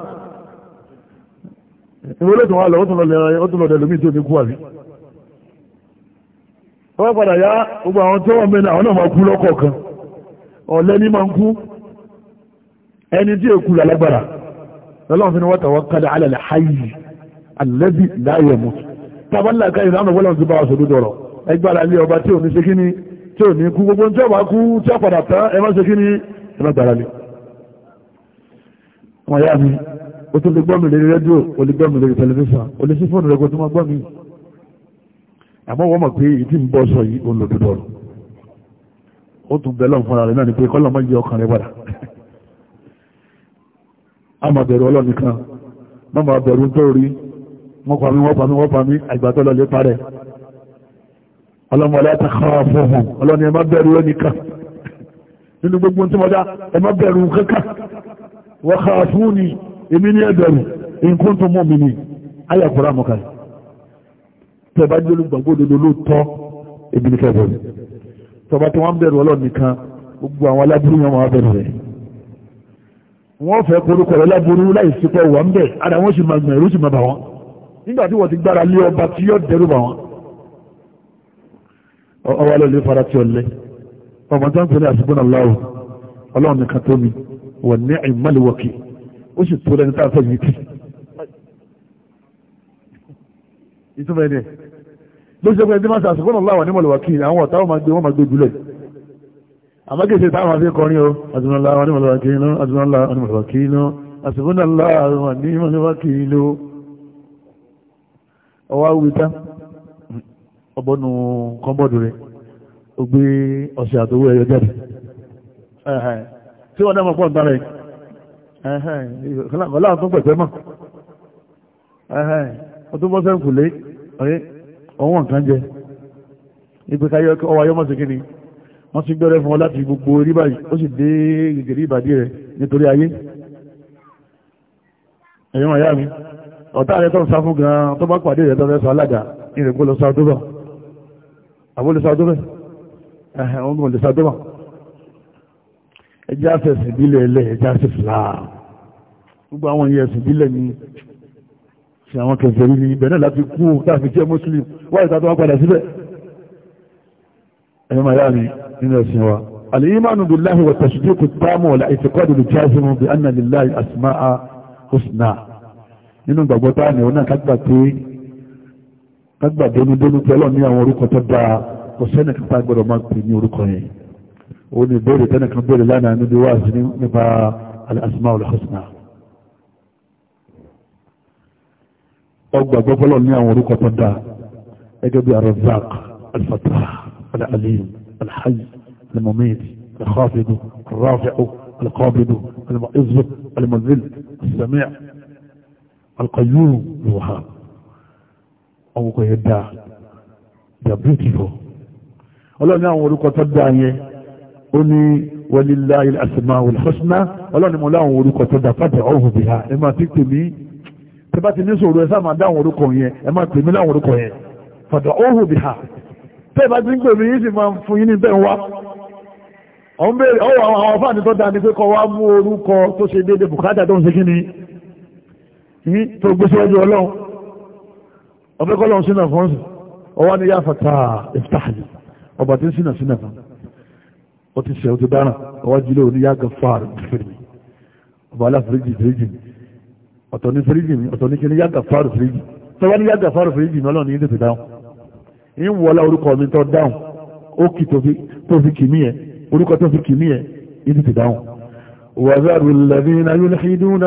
ìwé olóòtún alẹ́bí láyẹ̀ mú tabalá ká ìlànà wọ́lọ́n ti bá wa sòdó dọ̀rọ̀ ẹgbàrá ilé ọba tí ò ní ṣe kí ni tí ò ní kú gbogbo tí ọba kú tí ó padà tán ẹ má ṣe kí ni ẹ má gbàrá lé. wọn yá mi o tún lè gbọ́ mi lórí rédíò o lè gbọ́ mi lórí tẹlifíṣàn o lè sí fóònù rẹ kó tó máa gbọ́ mi. àmọ́ wọ́n mọ̀ pé ìdí ń bọ́ sọ yìí ó lò dúdọ̀ rọ̀ ó tún bẹ̀ lọ́n fúnra rẹ̀ náà ni pé kọ́lọ́ *laughs* wọ́n pa mí wọ́n pa mí wọ́n pa mí àgbàtọ́ lọ lè parẹ́ ọlọ́mọlá nínú gbogbo tí mo dá bẹ̀rù kankan wọ́n kọ́ fún ni èmi ní ẹ̀bẹ̀rù nǹkan tó mọ̀ mí ni ayé àkùrá mọ̀ kan tẹ̀ bá jẹ́ olùgbàgbọ́ òdodo lóòótọ́ èmi ní kẹ́bẹ̀rù tọba tí wọ́n bẹ̀rù ọlọ́run nìkan gbogbo àwọn aláburú yẹn wọ́n bẹ̀rù rẹ̀ wọ́n fẹ́ korúkọ̀ láburú láì sípò nígbà tí wọ́n ti gbára lé ọba tí yóò dẹ́rù bà wọn ọwọ́ lọ́lẹ́ fara tí ọlẹ́ ọmọ tó ń pẹ̀lú àṣìbọ́n aláwọ̀ ọlọ́run nìkan tó mi wọ̀ ní ìmọ̀lẹ́wọ̀kì ó sì tó lẹ́ni tá a fẹ́ yìí tì ìtumọ̀ ẹni ẹ̀ ló ṣe pé ẹni máa ṣàṣìbọ́n aláwọ̀ ní mọ̀lẹ́wọ̀kì àwọn ọ̀tá wọn máa gbé wọn máa gbé jùlẹ̀ àmọ́kèsè táwọn máa fi kọrin o àṣìbọ́n ọwá wíta ọbọ̀nù kọ́mbọ̀dù rẹ̀ ó gbé ọ̀sẹ̀ àtọwọ́ ẹ̀yọ jáde tí wọ́n dámọ̀ pọ̀ ntára ẹ̀ ọ̀là tó pẹ̀pẹ́ mọ̀ ọdún bọ́sẹ̀ ń kùlé ọ̀wọ́n nǹkan jẹ ipe káyọ ọwọ́ ayọ́mọ̀ sí kíni wọ́n ti gbẹ́rẹ́ fún ọ láti gbogbo orí báyìí ó sì dé gègèrè ìbàdí rẹ̀ nítorí ayé ẹ̀yọ́mọ̀ yá mi ọ̀tá rẹ̀ tó ń sá fún gan tó bá pàdé rẹ̀ tó fẹ́ sọ alága ìrìn kó lọ sá tó bọ̀ àbó lè sá tó bẹ̀ ẹ̀hẹ̀ òun kò lè sá tó bọ̀ ẹjá fẹ̀sìn bílẹ̀ ẹlẹ́ ẹjá sí fìlà gbogbo àwọn ìyẹn ẹ̀sìn bílẹ̀ ni ṣe àwọn kẹfẹ̀rí ni ibẹ̀ náà láti kú láti jẹ́ muslim wá ìta tó wá padà síbẹ̀ ẹ̀yẹ́ máa yá nínú ẹ̀sìn wa al-imanu billahi wa tasdiqu tamu wal i'tiqadu al-jazimu nínú gbàgbọ́ tá ní ọ̀nà kágbà pé kágbà dénúdénú pé ọlọ́run ní àwọn orúkọ tó dáa kò sẹ́nì kápá gbọ́dọ̀ máa pè ní orúkọ yẹn ó ní ìbéèrè tẹ́nì kan béèrè lánàá níbi wá sí nípa al-asmaul husna ọgbàgbọ́ fọlọ́ ní àwọn orúkọ tó dáa gẹ́gẹ́ bí ar-razzaq al-fattah al-alim al-hayy al-mumit al alqayyum lùwà àwọn ọkọ̀ yẹn dáa they are beautiful ọlọ́run ní àwọn orúkọ tó dáa yẹn ó ní walillahi al-asma'ul husna ọlọ́run ní mo láwọn orúkọ tó dáa fàtẹ̀ ọ̀hún bí ha ẹ máa ti pè mí tẹ bá ti ní sọ̀rọ̀ ẹ sáà máa dá àwọn orúkọ yẹn ẹ máa pè mí láwọn orúkọ yẹn fàtẹ̀ ọ̀hún bí ha ni pé kọ́ wá mú orúkọ tó ṣe déédéé bùkátà tó ni yí tó gbé síwájú ọlọ́run ọbẹ̀ kọ́ lọ́run sínú àfọ́nsì ọwọ́ ni yá fàtà ìfitàhàlì ọba tí ń sínú sínú àfọ́n ó ti ṣe ó ti dára ọwọ́ jílé òní yá gafar fèrè ọba aláfèrèjì fèrèjì ọ̀tọ̀ ní fèrèjì mi ọ̀tọ̀ ní kíni yá gafar fèrèjì tọ́wọ́ ní yá gafar fèrèjì mi ọlọ́run ní tètè dáhùn ń wọlá orúkọ mi tó dáhùn ó kì tó fi kì orúkọ tó fi kì mí yẹ ní tètè dáhùn wàzàrù lẹ́bí na yóò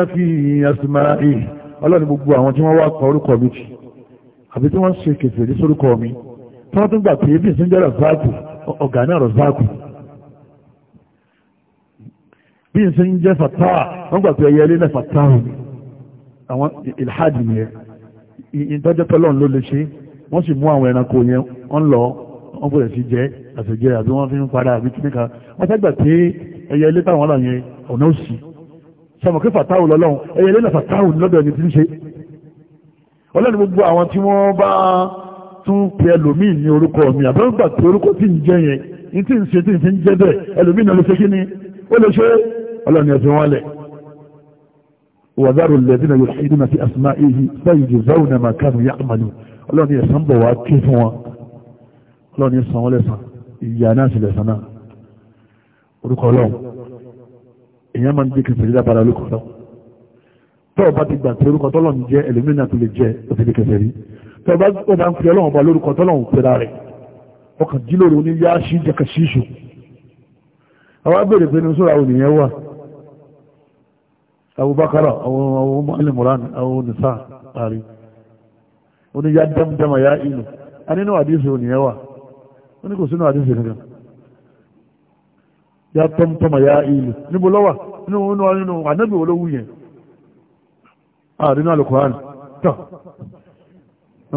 ọlọ́run gbogbo àwọn tí wọ́n wá kọ orúkọ mi tì àbí tí wọ́n ṣe kèfè ní sórúkọ mi tí wọ́n tún gbà pé ebi ìsúnjẹ́ rọ̀záàkù ọ̀gá náà rọ̀záàkù bí ìsúnjẹ́ fatáà wọ́n gbà pé ẹyẹ ilé náà fatáà àwọn ìlhádì nìyẹn ìtọ́jọ́ tọ́lọ́run ló lè ṣe wọ́n sì mú àwọn ẹranko yẹn wọ́n lọ wọ́n bẹ̀rẹ̀ sí jẹ́ àtẹ̀jẹ́ àbí wọ́n fi ń padà àbí kíníkà wọ́n sẹ́gbà pé ẹyẹ ilé táwọn ọlọ́run sọmọ kí fàtáwù lọ́lọ́run ẹ̀yẹ lẹ́nà fàtáwù lọ́dọ̀ ẹni tí ń ṣe ọlọ́run gbogbo àwọn tí wọ́n bá tún pe ẹlòmíì ní orúkọ mi àbẹ́wọ́n gbà pé orúkọ tí ń jẹ yẹn ní tí ń ṣe tí ń fi ń jẹ bẹ́ẹ̀ ẹlòmíì náà ló ṣe kí ni ó lè ṣe ọlọ́run ẹ̀sìn wọn lẹ̀ wàdàrú lẹ́dínà yóò ṣe ìdúnà sí àsìmá èyí báyìí jù záwùnà máa kánú yá àmàlù ọlọ́run ẹ̀sán bọ̀ wá ké fún wọn ọlọ́run ẹ̀sán wọn lẹ́sàn ìyá náà sì lẹ́sàn náà orúkọ ọlọ́run èèyàn máa ń di kẹfẹ́ nígbà padà olùkọ́ lọ tó o bá ti gbà pé orúkọ tọ́lọ̀ ń jẹ́ ẹlòmínà tó lè jẹ́ o ti di kẹfẹ́ rí tó o bá ó bá ń fi ọlọ́run bá lórúkọ tọ́lọ̀ ń pera rẹ̀ ọkàn jílòrò ní yá sí jẹ́kẹ̀ síṣù àwọn abèrè pé ní sọ́ra ònìyàn wà abubakara àwọn ọmọ alimuran àwọn nìsa àrí oní yá dámdámà yá inú a nínú àdíṣe ònìyàn wà ó ní kò sínú àdíṣe kankan yá tọ́mtọ́mà yá inú níbo lọ́wà Ah, nínú ànábì olówú yẹn àrínà alùkùránì tán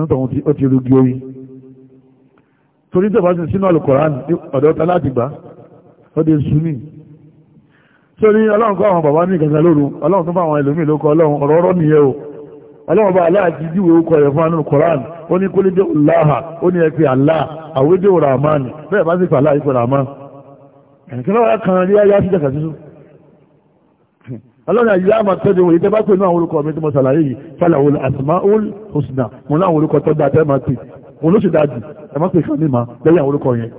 nítọ̀hún tí ó ti rúgi orí torí tẹ́bà sí sínú alùkùránì ọ̀dọ́ta láti gbà ọdẹ súnì tí ó ní ọlọ́run kọ́ àwọn bàbá ní ìgbàgbà lóru ọlọ́run tó bá àwọn ẹlòmí ló kọ ọlọ́run ọ̀rọ̀ ọ̀rọ̀ nìyẹn o ọlọ́run bá aláàjì jíwèé ó kọ ẹ̀ fún anú kọ́ránì ó ní kólídé ọláhà ó ní ẹ̀pẹ́ àlá àwédé òràmánì bẹ́ẹ̀ bá sì pàlá ìpẹ̀ràmán ẹ̀kẹ́ lọ́wọ́ kan rí ayá sí jẹ́kà sísú ọlọ́run àyíká àmà tọ́jú wọn ìtẹ́bá pé ní àwọn orúkọ mi tí mo ṣàlàyé yìí fàlàwò asmaul husna mo àwọn orúkọ tó dáa pè wọn ló pè kàn ní ma lẹ́yìn àwọn orúkọ yẹn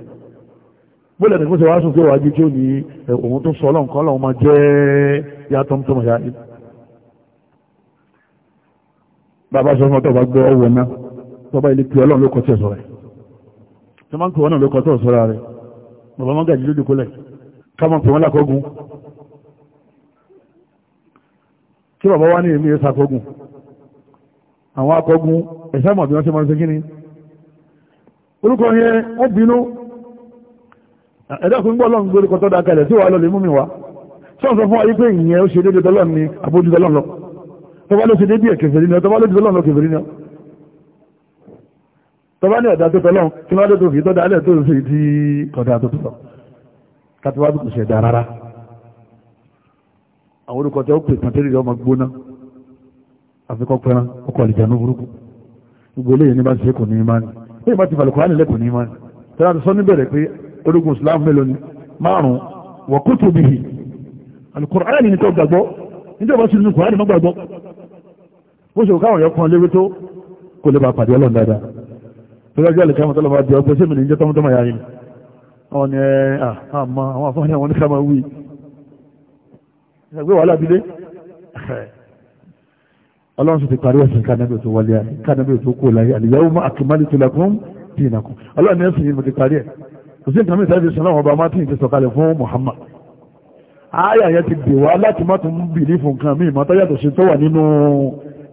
bóòlù ẹ̀dẹ̀kún ṣe wá sùn sí ọ̀rọ̀ sọ ọlọ́run ya tọ́mtọ́mọ ya yìí. bàbá sọ fún ọtọ́ bá gbọ́ ọwọ́ náà tọ́ba ilé pé ọlọ́run ló kọ́ tí ẹ̀ sọ̀rọ̀ ẹ̀ tí tí bàbá wá ní èmi ẹ̀ sàkógùn àwọn akọgun ẹ̀sẹ̀ mọ̀ bí wọ́n ṣe máa ń ṣe kí ni orúkọ yẹn wọ́n bínú ẹ̀dá fún gbọ́ lọ́n gbórí kọ́tọ́ dákẹ́lẹ̀ tí wàá lọ lè mú mi wá sọ́n sọ fún wa wípé ìyẹn ó ṣe dédé tọ́lọ́n ni àbójú tọ́lọ́n lọ tọ́ba ló ṣe dédé ẹ̀ kẹfẹ́rí ni tọ́ba ló ṣe tọ́lọ́n lọ kẹfẹ́rí ni tọ́ba ní ẹ̀dá tó tọ́lọ́n kí wọ́n dé tó fi tọ́da alẹ́ tó ṣe ti kọ̀dá tó tọ́lọ́ àwọn orúkọ tí ó pè tán tẹ́lẹ̀ ọmọ gbóná àfikọ́ pẹran ọkọ̀ àlìjànú burúkú gbogbo eléyìí ní bá ṣe kò ní imá ni lẹ́yìn bá ti fàlùkọ́ á kò ní imá ni tẹ́lá ti sọ níbẹ̀rẹ̀ pé orígun islam mélòó ni márùn-ún wa kutubihi alukur'ani ní tó gbàgbọ́ nítorí bá sinú kur'ani má gbàgbọ́ bó ṣe káwọn yọ kan léwé tó kò lè bá pàdé ọlọ́run dáadáa tó yá jẹ́ àlùkámọ́ tọ́lọ́ bá ẹgbẹ́ wàhálà bílé ọlọ́run sì ti parí ẹ̀sìn kánábì tó wọlé ayé kánábì tó kó láyé àlìyáwó mọ́ àkìmálì tó lakum dinakum ọlọ́run ní ẹ̀sìn yìí mo ti parí ẹ̀ kò sí nǹkan mìíràn ìṣẹ́ náà wọn bá má tí ì ti sọ̀kalẹ̀ fún Muhammad ayà yẹn ti dè wá láti má tún bì ní fún nǹkan míì mọ́tọ́ yàtọ̀ sí tó wà nínú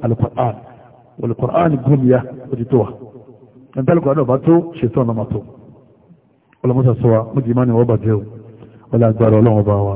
alukur'an alukur'an gúnmíà ó ti tó wa ẹ̀ńtẹ́ alukur'an ọba tó ṣètò ọ̀nà ọmọ tó ọlọ́mọ́sàsọ́wà mú jì má ní wọ́n bàjẹ́ o ọlọ́ agbára ọlọ́run ọba wa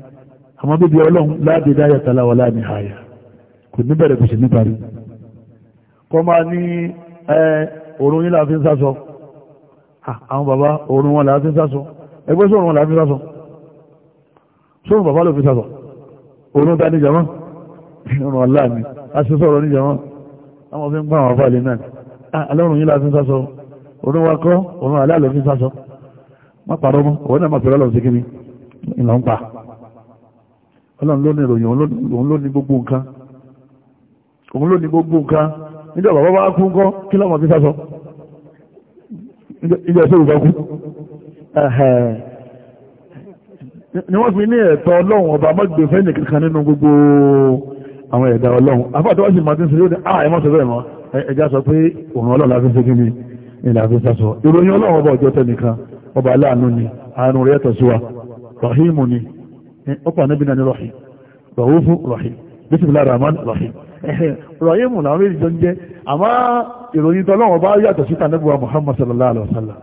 àmọ́ bíbi ọlọ́run láàdé dáyà tàláwà láàrin àyà kò ní bẹ̀rẹ̀ kò sí níparí kọ́ máa ní òórùn yìí láàfin sásọ àwọn bàbá òórùn wọn láàfin sásọ ẹgbẹ́ sóòrùn wọn láàfin sásọ sóòrùn bàbá ló fi sásọ òórùn ta ní jama ọ̀rọ̀ aláàmì aṣọ sọ̀rọ̀ ní jama àwọn fi ń pa àwọn afáàlẹ̀ náà alọ́run yìí láàfin sásọ òórùn wa kọ́ òórùn aláàlọ́ fi sásọ má pàrọ̀ mọ́ òun náà má ọlọ́run ló ní ìròyìn òun ló ní gbogbo nǹkan òun ló ní gbogbo nǹkan níjọ́ bàbá bá kú ńkọ́ kí lọ́mọ fi sásọ níjọ́ sí ìgbà kú ni wọ́n fi ní ẹ̀tọ́ ọlọ́run ọba mọ́gbẹ̀ fẹ́ni kankan nínú gbogbo àwọn ẹ̀dá ọlọ́run afáàtọ́ wọ́n sì máa ti ń sọ yóò ní àà ẹ̀mọ́ sọ mọ́ ọkọ̀ anábìnrin ní rọ̀hìn rọ̀hún rọ̀hìn bísíbílá rahman rọ̀hìn rọ̀hìn mù làwọn méjì jọ ń jẹ́ àmọ́ ìròyìn tọ́lọ́wọ́ bá yàtọ̀ síta níbuwa muhammad sallallahu alaihi wasallam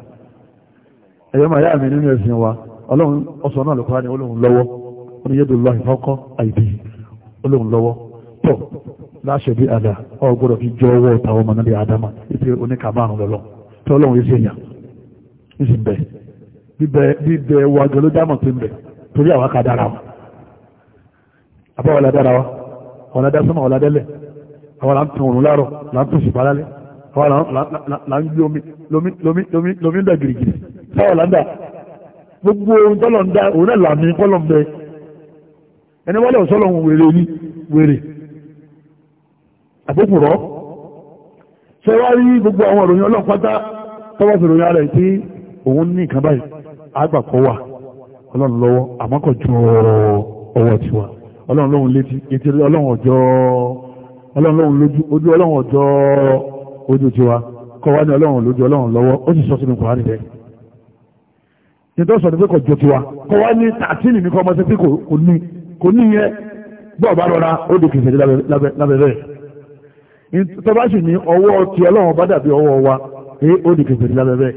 ẹ̀yọ́ máa yá àmì nínú ẹ̀sìn wa ọlọ́run ọsọ náà lọ́kọ́ ní olóhun lọ́wọ́ ó ní yẹ́dù lọ ìfọ́kọ́ àìdí olóhun lọ́wọ́ tọ̀ láṣẹ bí àdá ọgbọ́dọ̀ fi jọ ọwọ́ tàwọn ọmọ torí àwọn ká dára wa àbáwọ̀ la dára wa àwọn la dá sọ́mọ̀ àwọn la dẹ́lẹ̀ àwọn la ń tún òrùn láàrọ̀ la ń tún ṣùgbọ́n lálẹ́ àwọn la ń gbé omi lomi ń dà gìrìgìrì sáwọ̀ la ń dà gbogbo ohun tọ́lọ̀ ń dá òun náà làmì kọ́lọ̀ ń bẹ ẹni wọ́n lọ sọ́lọ̀ ń wèrè ní wèrè àbókùrọ̀ ṣe wá rí gbogbo àwọn ìròyìn ọlọ́pàá tọ́wọ́ sí ìròyìn tí òun ní ìkan báyìí wà ọlọ́run lọ́wọ́ àmọ́ kò ju ọwọ́ tiwa ọlọ́run lóhun létí etí ọlọ́run ọjọ́ ọlọ́run lóhun lójú ojú ọlọ́run ọjọ́ ojú tiwa kọ́ wá ní ọlọ́run lójú ọlọ́run lọ́wọ́ ó sì sọ sínú kọ́ wá nílẹ̀ nítorí sọ ní pé kò ju tiwa kọ́ wá ní tààtìlì ní kọ́ ọmọ sẹ́kì kò ní kò ní yẹn bọ́ọ̀ bá rọra ó di kìsẹ̀ lábẹ́rẹ́ tọ́ba sì ní ọwọ́ ti ọlọ́run bá dàbí ọwọ́ wa ó di kìsẹ̀ lábẹ́rẹ́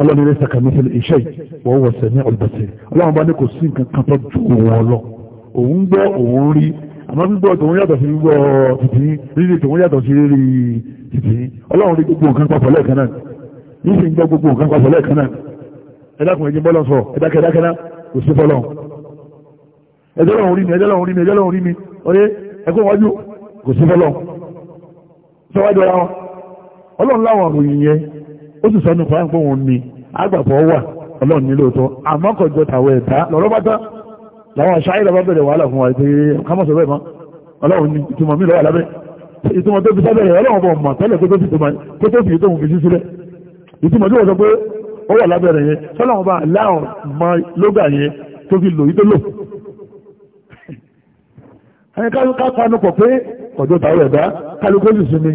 ọlọ́ni rẹ̀ sàkàmísẹ́lẹ̀ iṣẹ́ wọ́n wọ̀ sẹ́ni ọ̀lùbẹ̀sẹ̀ ọlọ́run bá ní kò sí nǹkan kan tó ju òun ọlọ òun gbọ́ òun rí àmọ́ gbígbọ́ tòun yàtọ̀ sí gbígbọ́ títí rírì tòun yàtọ̀ sí rírì títí ọlọ́run rí gbogbo nǹkan papọ̀ lẹ́ẹ̀kan náà yìí sì ń gbọ́ gbogbo nǹkan papọ̀ lẹ́ẹ̀kan náà ẹ̀dákùnrin jí bọ́lọ̀ sọ ẹ̀dákẹ́dákẹ́dá kò sí bọ́lọ̀ ẹjọ́lọ́run rí mi ẹjọ́lọ́run rí mi ẹjọ́lọ́run rí mi ọdẹ ẹkún ó sì sọ́nù fún àpò òun ni àgbàpọ̀ wà ọlọ́run ní lóòótọ́ àmọ́ kò jọ tàwọn ẹ̀dá lọ́rọ́ bá tán làwọn aṣááyé lọ́ba bẹ̀rẹ̀ wàhálà fún wa pé kámọ́sọ bẹ́ẹ̀ mọ́ ọlọ́run ní ìtumọ̀ mi lọ́wọ́ lábẹ́ ìtumọ̀ tó fi sábẹ́rẹ̀ ọlọ́run bọ̀ mọ̀ tẹ́lẹ̀ kó tó fi tó fi sí sílẹ̀ ìtumọ̀ tó wọ́n sọ pé ó wà lábẹ́rẹ̀ yẹn sọ́lọ́run bá láwọn mọ lóga yẹn tó fi lò yí tó lò *laughs* ẹni ká panu pọ̀ pé ọjọ́ tàwọn ẹ̀dá kálukó sì sinmi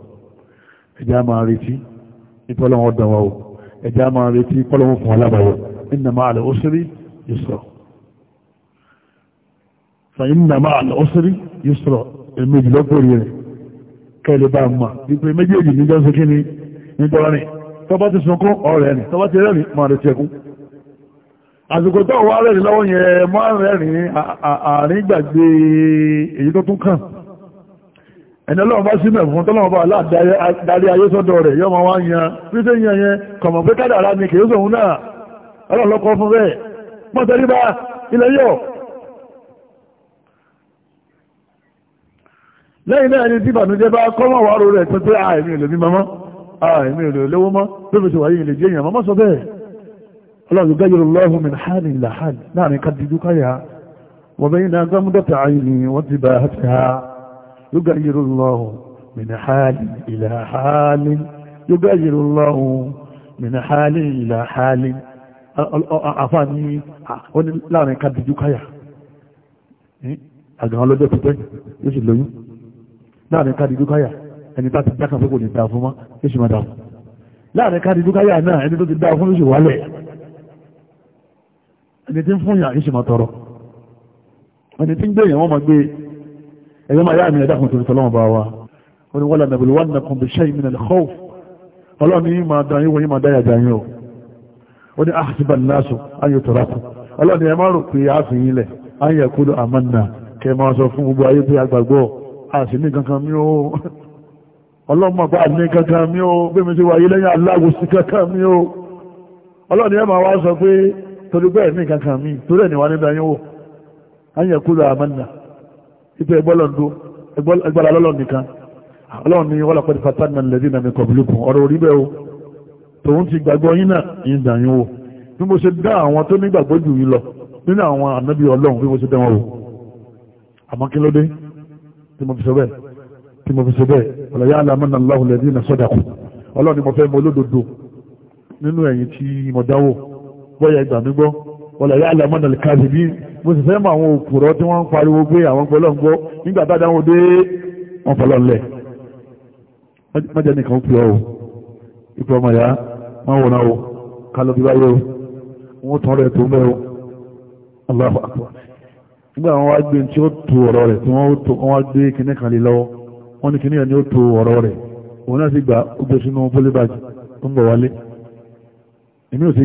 ẹjá máa retí ìpọ́lọ́wọ́ dánwà o ẹjá máa retí ìpọ́lọ́wọ́ fún alábàáyọ̀ inna ma'al usri yusra fa inna ma'al usri yusra èméjì lọ́gbòrí rẹ̀ kẹ́lẹ̀ bá ma ìpè méjèèjì níjọ́ sí kí ni níjọ́ rìn tọ́bá ti sunkún ọ̀rẹ́ ni tọ́bá ti rẹ́rìn máa retí ẹkún àsìkò ẹni ọlọ́run bá símẹ̀ fún tọ́lọ́run bá aláàdarí ayé sọ́dọ̀ rẹ̀ yọ́mọ wá yan pípé yan yẹn kọ̀mọ̀ pé kádàrá ni kìí sòun náà ọlọ́run lọ́kọ́ fún bẹ́ẹ̀ pọ́tẹ́rí bá ilẹ̀ yọ̀ lẹ́yìn náà ni tí ìbànújẹ́ bá kọ́mọ̀ ah, ah, wà rò rẹ̀ pẹ́pẹ́ àìmì ìlú mímọ́ àìmì ìlú olówó mọ́ lóbi ṣe wáyé ilé jẹ́yàn mọ́ sọ bẹ́ẹ̀ ọlọ́run gẹ́gẹ́rọ lọ́hùn mi hàn يغير الله من حال إلى حال يغير الله من حال إلى حال àfáàní ó ní láàrin ká dìjú káyà àgbà ọlọ́jọ́ ti pẹ́ yóò sì lóyún láàrin ká dìjú káyà ẹni tá ti dákan fókò ní dáa fún mọ́ yóò sì máa dáa fún láàrin ká dìjú káyà náà ẹni tó ti dáa fún yóò sì wálẹ̀ ẹni tí ń fún yà yóò sì máa tọrọ ẹni tí ń gbé yẹn wọ́n máa gbé ẹ̀yọ́ máa yá àmì ẹ̀dá kan tó tọ́lọ́wọ́ bá wa ó ní wọ́lá nàbẹ̀lú wà nàkan bí ṣe ìmìnà lẹ́kọ́ọ̀f ọlọ́run ní máa dán yín wọ́n yín máa dáyà dán yín o ó ní àṣìbà náṣọ ayé tọ́ra kù ọlọ́run ẹ máa rò pé a fi yín lẹ̀ ayé kúlò àmàna kẹ máa sọ fún gbogbo ayé pé àgbàgbọ́ a sì ní kankan mi ó ọlọ́mọ bá ní kankan mi ó bí mi ti wáyé lẹ́yìn aláwo sí kankan mi ó ọlọ́run ẹ máa wá sọ pé torí bẹ́ẹ̀ ní kankan mi torí ẹ̀ ní wá níbi ayé wò ayé kúlò àmàna ipe ẹgbọ́lọ́ndó ẹgbọ́lá lọ́lọ́ nìkan ọlọ́run ni wọ́n lọ́pẹ́ fatan náà lẹ́dí náà mi kọ̀bùlùkù ọ̀rọ̀ orí bẹ́ẹ̀ o tòun ti gbàgbọ́ yín náà yín dà yín o bí mo ṣe dá àwọn tó nígbàgbọ́ jù yín lọ nínú àwọn ànábì ọlọ́run bí mo ṣe dá wọn o àmọ́ kí ló dé tí mo fi sọ bẹ́ẹ̀ tí mo fi sọ bẹ́ẹ̀ ọ̀là yà àlà mọ́nà láhùn lẹ́dí náà sọ́dà kù ọlọ́run ni mo fẹ́ mọ olódodo nínú ẹ̀yìn tí mo dáwò bọ́yá ìgbà mi gbọ́ wọ́n lẹ́yìn alamọ́nà kàdìbí mo sì fẹ́ mọ àwọn òkúrọ̀ tí wọ́n ń pariwo pé àwọn gbọ́lọ́ ń gbọ́ nígbà tá dáwọn dé wọn fọlọ́ ńlẹ̀ mọ́jẹ́ nìkan pè ọ́ ipò ọmọ ìyá máa wọ̀nà o kálọ́ bí báyọ̀ wọ́n tán rẹ̀ tó mẹ́rọ Allahu Akbar nígbà wọn wá gbé tí ó tó ọ̀rọ̀ rẹ̀ tí wọ́n wá gbé wọ́n ní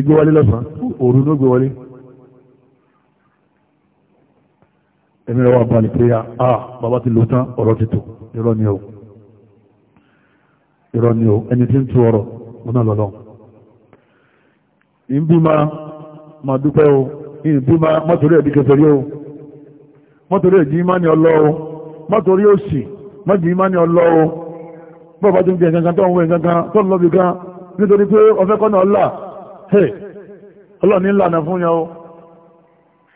rẹ̀ tó ń bọ̀ ẹ̀mí rẹ̀ balẹ̀ pé a ah, bàbá ti lò tán ọ̀rọ̀ ti tò irọ́ ni o irọ́ ni o ẹni tí ń tu ọ̀rọ̀ ọ̀nà lọ́lọ́ ma ma dúpẹ́ o ìbímọ mọ́tòrí ẹ̀dí kẹfẹ́rí o mọ́tòrí ẹ̀dí ni ọlọ́ o mọ́tòrí òsì ni ọlọ́ o ń tó ń wẹ̀ tó ń lọ́bi gan nítorí pé ńlànà fún o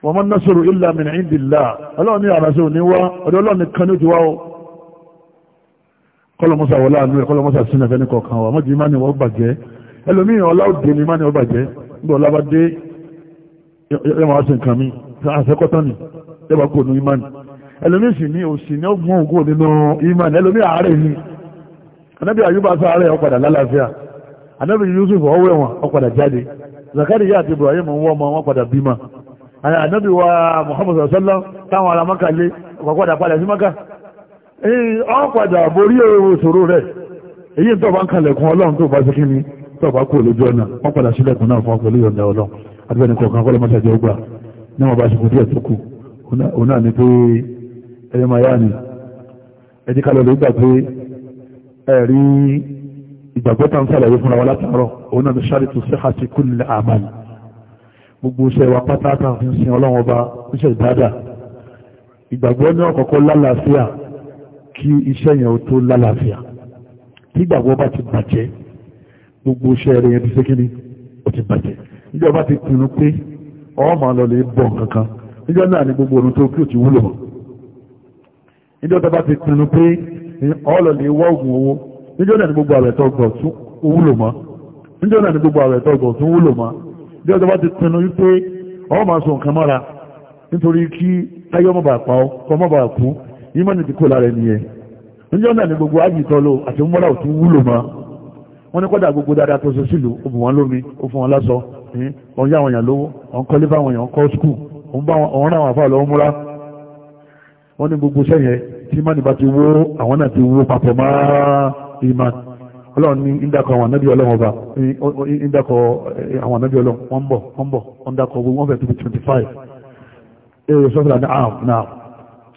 wọ́n mọ́ násòrò ilẹ̀ àmìnà ìdìlá ọlọ́run ní àràṣẹ́ òní wá ọdọ́ ọlọ́run nìkan ní òjìwá o kọlọmọ́sà wọlá àánú ẹ̀ kọlọmọ́sà sínú ẹ̀fẹ́ ní kọ̀ọ̀kan wà mọ́jì má ní wọ́n bàjẹ́ ẹlòmíì ọlá òdè ní má wọ́n bàjẹ́ nígbà ọlá bá dé ẹmọ nǹkan mi ànábì wa Muhammad sallallahu táwọn ará maka lé ọ̀pọ̀pọ̀dà padà sí maka ọ̀pọ̀dà borí òṣòro rẹ̀ èyí tó bá ń kalẹ̀kùn ọlọ́run tó bá sí kí ni tó bá kú olójú ọ̀nà wọ́n padà sílẹ̀kùn náà fún ọpẹlú yọ̀ǹda ọlọ́run adúbẹ̀ni kọ̀ọ̀kan kọ́lẹ̀ mọ́sàájì ọgbà ní wọn bá ṣe kú díẹ̀ tó kù òun náà ni pé ẹyẹ máa yá ni ẹjí kalẹ̀ ló gbà gbogbo iṣẹ́ wa pátátà fi ń sin ọlọ́run ọba iṣẹ́ ìbádà ìgbàgbọ́ ní ọ̀kọ̀ọ̀kọ́ lálàáfíà kí iṣẹ́ yẹn ó tó lálàáfíà tí ìgbàgbọ́ bá ti bàjẹ́ gbogbo iṣẹ́ rẹ̀ yẹn ti ṣe kí ni ó ti bàjẹ́ níjọ́ bá ti pinnu pé ọwọ́ máa lọ lè bọ̀ kankan níjọ́ náà ni gbogbo orun tó kí ò ti wúlò mọ́ níjọ́ tó bá ti pinnu pé ọlọ́ lè wọ́ ògùn owó níjọ́ náà ni gbogbo àwẹ̀ tó gbọ̀ tún wúlò mọ́ ni gbogbo àwẹ̀ tó gbọ̀ tún wúlò mọ́ bí ọjọ́ bá ti pinnu wípé ọwọ́ máa sọ nǹkan mọ́ra nítorí kí táyé ọmọ bá pa ọ ọmọ bá kú ìmọ̀nì ti kó lára ẹni yẹn níjọ́ náà ni gbogbo ájì tọ́lọ àti mọ́ra ò tún wúlò mọ́ wọ́n ní kọ́dà gbogbo dáadáa tó ṣe sílùú ó bù wọ́n lómi ó fún wọn lásọ ọ̀n yá àwọn èèyàn lówó ọ̀n kọ́lé fáwọn èèyàn kọ́ skul ọ̀n rán àwọn àfáà múra wọ́n ní gbogbo sẹ́yìn tí ìmọ̀nì bá ti wó àwọn náà ti wó papọ̀ máa ìmọ̀nì ọlọ́run ní ìdákọ̀ àwọn anábì ọlọ́run ọba ìdákọ̀ eh, àwọn anábì ọlọ́run wọ́n bọ̀ wọ́n bọ̀ wọ́n dákọ̀ ogun wọ́n fẹ́ eh, tó bí 25 èrò sọ́fìlà ní àrùn náà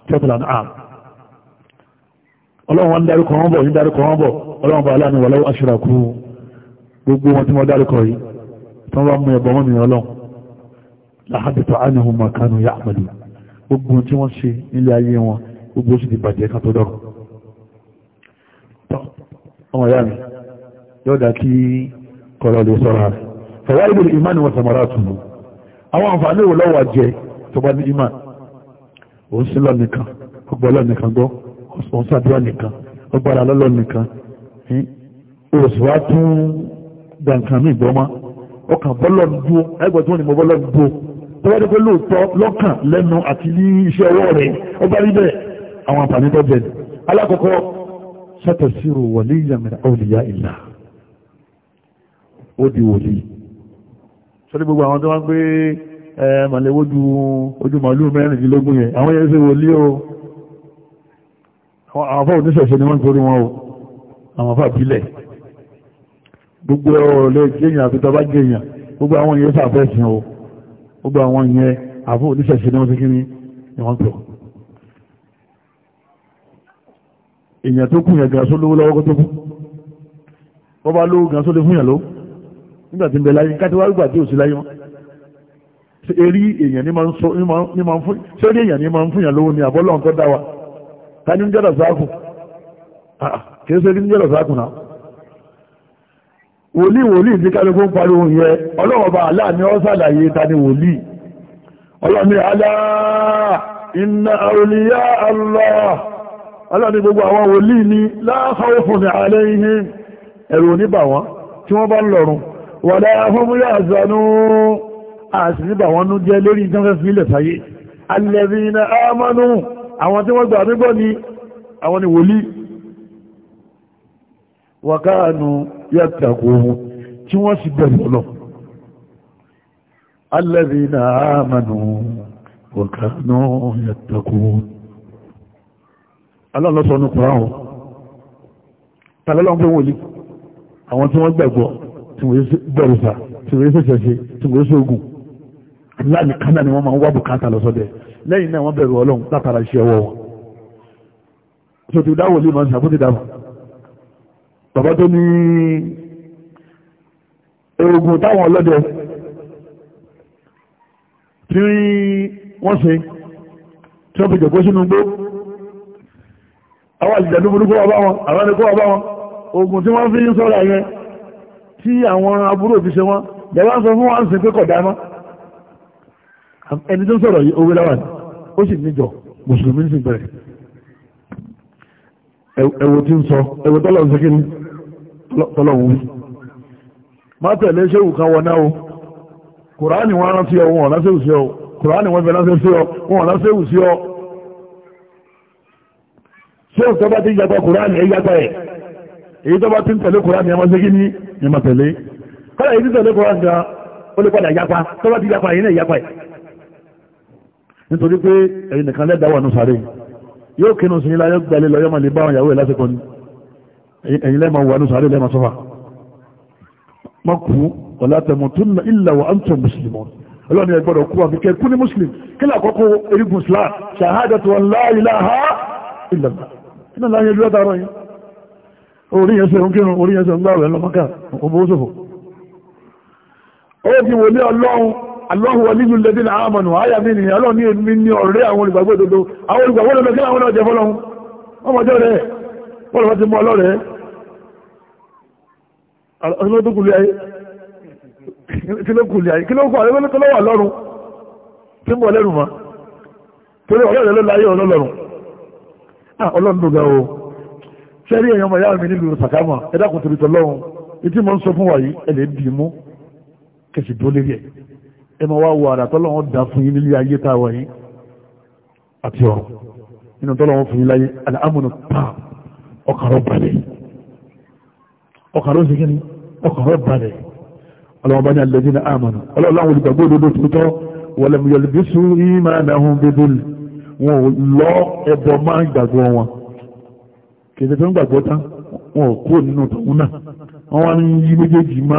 sọ́fìlà ní àrùn ọlọ́run wọ́n wọ́n ọlọ́run wọ́n ọmọ ìyá mi yóò dá kí kọ̀rọ̀ lè sọ́ra rẹ̀ fọwọ́ ìlú ìmáni wọn samara tùnú àwọn àǹfààní wo lọ́wọ́ jẹ tó bá ní ìmá òun sí lọ́nìkan ọgbọ́ lọ́nìkan gbọ́ òun sàdúrà nìkan ọgbàrà lọ́lọ́nìkan òsì wá tún gbàǹkan mí gbọ́ mọ́ ọkàn bọ́lọ̀ ń dúó ẹgbẹ́ tí wọ́n ní mo bọ́lọ̀ ń dúó tó bá dé pé lóòótọ́ lọ́kàn lẹ́nu àti ní iṣẹ́ ọwọ́ rẹ̀ ọgbà sátàsírò wàlíyà min awliya illah ó di wòlíì sọ́dí gbogbo àwọn tó wá gbé màlẹ́wójú ojú màálù mẹ́rìndínlógún yẹn àwọn yẹn ṣe wòlíì o àwọn afọ́ oníṣẹ̀ṣẹ̀ ni wọ́n torí wọn o àwọn afọ́ àbílẹ̀ gbogbo ọ̀lẹ́ gẹ́yìn àti tọba gẹ́yìn gbogbo àwọn yẹn sàfẹ́sìn o gbogbo àwọn yẹn afọ́ oníṣẹ̀ṣẹ̀ ni wọ́n ti kí ni wọ́n tọ̀ èèyàn tó kún yẹn gan só lówó lọ́wọ́ tó kú wọ́n bá lówó gan só lè fún yàn ló nígbà tí ń bẹ láyé káti wá gbà tí ò sí láyé wọn eré èèyàn ní máa ń sọ ní máa ń fún ṣé eré èèyàn ní máa ń fún yàn lówó ni àbọ́lọ́ nǹkan dá wa ta ni ń jọ́dọ̀ sáàkù ah, kìí ṣe ní jọ́dọ̀ sáàkù náà wòlíì wòlíì ní kálukú ń pariwo yẹn ọlọ́wọ́ bá aláàní ọ́ sàlàyé ta ni wòlíì ọlọ́ni alá inna awliya Allah ọlọ́ni gbogbo àwọn wòlíì ní láàáwò fún ní alẹ́ ihe ẹ̀rù oníbà wọn tí wọ́n bá lọ́rùn wà lára fún múlẹ̀ àzánú àṣìṣíbà wọn nú jẹ́ lórí ìjọ́fẹ́ fílẹ̀ sáyé alẹ́bìnà ámánú àwọn ọlọ́run ló sọ ní kùrán o tàbí ọlọ́run pé wọ́n lè àwọn tí wọ́n gbẹ̀gbọ́ tí wọ́n bẹ̀rù sà tí wọ́n ṣẹ̀ṣẹ̀ ṣe tí wọ́n ṣe ogun láàrin kánà ni wọ́n máa ń wá bùkátà lọ sọ́dẹ̀ lẹ́yìn náà wọ́n bẹ̀rù ọlọ́run látara iṣẹ́ ọwọ́ wọn so ti dáwọ̀ lè máa ń sàbótì dáwọ̀ bàbá tó ní ogun táwọn ọlọ́dẹ tí wọ́n ṣe tí wọ́n àwọn àjìjàdó burúkú ọba wọn àránikó ọba wọn oògùn tí wọ́n fi ń sọ́ra yẹn tí àwọn aburú òfin ṣe wọ́n jẹ́wọ́n sọ fún wọn sì pé kọ̀dá mọ́ ẹni tó ń sọ̀rọ̀ yìí owó láwà ní ó sì níjọ mùsùlùmí sì bẹ̀rẹ̀ ẹ̀wò tí ń sọ ẹ̀wò tọ́lọ̀ ń sẹ́kí ní tọ́lọ̀ ń wí má tẹ̀lé ṣéwù kan wọ náà o kùránì wọn rán sí ọ wọn ọ̀nà ṣéwù sí ọ kùránì wọn fẹ́ rán ọ wọn ọ̀nà ṣéwù sí ọ ṣé òtọ́ bá ti ń yàtọ̀ kùránì ẹ̀ yàtọ̀ ẹ̀ èyí tó bá ti ń tẹ̀lé kùránì ẹ̀ máa ṣe kí ní ẹ̀ máa tẹ̀lé kọ́lá èyí ti tẹ̀lé kùránì gan ó lè padà yapa tó bá ti yapa èyí náà yapa ẹ̀ nítorí pé ẹ̀yin nìkan lẹ́dàá wà nù sáré yóò kínú sí ilá yóò gbalẹ̀ lọ yọ́mọ̀ lè bá àwọn ìyàwó ẹ̀ lásìkò ní ẹ̀yin lẹ́mọ̀ iná láyé ojú látàrọ yìí oríyàn sí òǹkírun oríyàn sí òǹgbàwẹ̀ lọ́mọ́ká òbóṣòfò ó fi wòlé ọlọ́run aláhùwà nínú lẹ́bí ní àmànù àyà mí nìyàn ọlọ́run ní èmi ní ọ̀rẹ́ àwọn olùgbàgbọ́ òdodo àwọn olùgbàgbọ́ òdodo kí àwọn náà jẹ fọ́lọ́run ọmọdé rẹ̀ bọ́lọ̀ bá ti mú ọlọ́rẹ̀ ọlọ́dúnkùnlé ayé kí ló kùnlé ayé kí ló kù àrẹ́gbẹ́lẹ́kọ́lọ́wà lọ́run tí Ah, ọlọ́ndùnga o sẹ́rí èèyàn ọmọ ìyá mi nílùú sàkámà ẹ̀dá kò tòrítọ̀ lọ́hùn etí mo ń sọ fún wa yìí ẹ̀ lè dì í mú kẹsì dúró lérí ẹ̀ ẹ máa wá wo àrà tọ́lọ́wọ́n dà fún yín nílé ayé tá a wà yín àti ọ̀rọ̀ nínú tọ́lọ́wọ́n fún yín láyé àmúnú pa ọkàrọ̀ balẹ̀ ọkàrọ̀ sìkìní ọkàrọ̀ balẹ̀ ọlọ́wọ́n bá ní alẹ́ dín ní àmàna ọlọ́wọ́n olùgbàgbọ́ òdodo tuntun wọlé mu yẹlẹ wọn ò lọ ẹbọ máa ń gbàgbọ́ wọn kèdè tó ń gbàgbọ́ tán wọn ò kúrò nínú tòun náà wọn wá ń yí méjèèjì má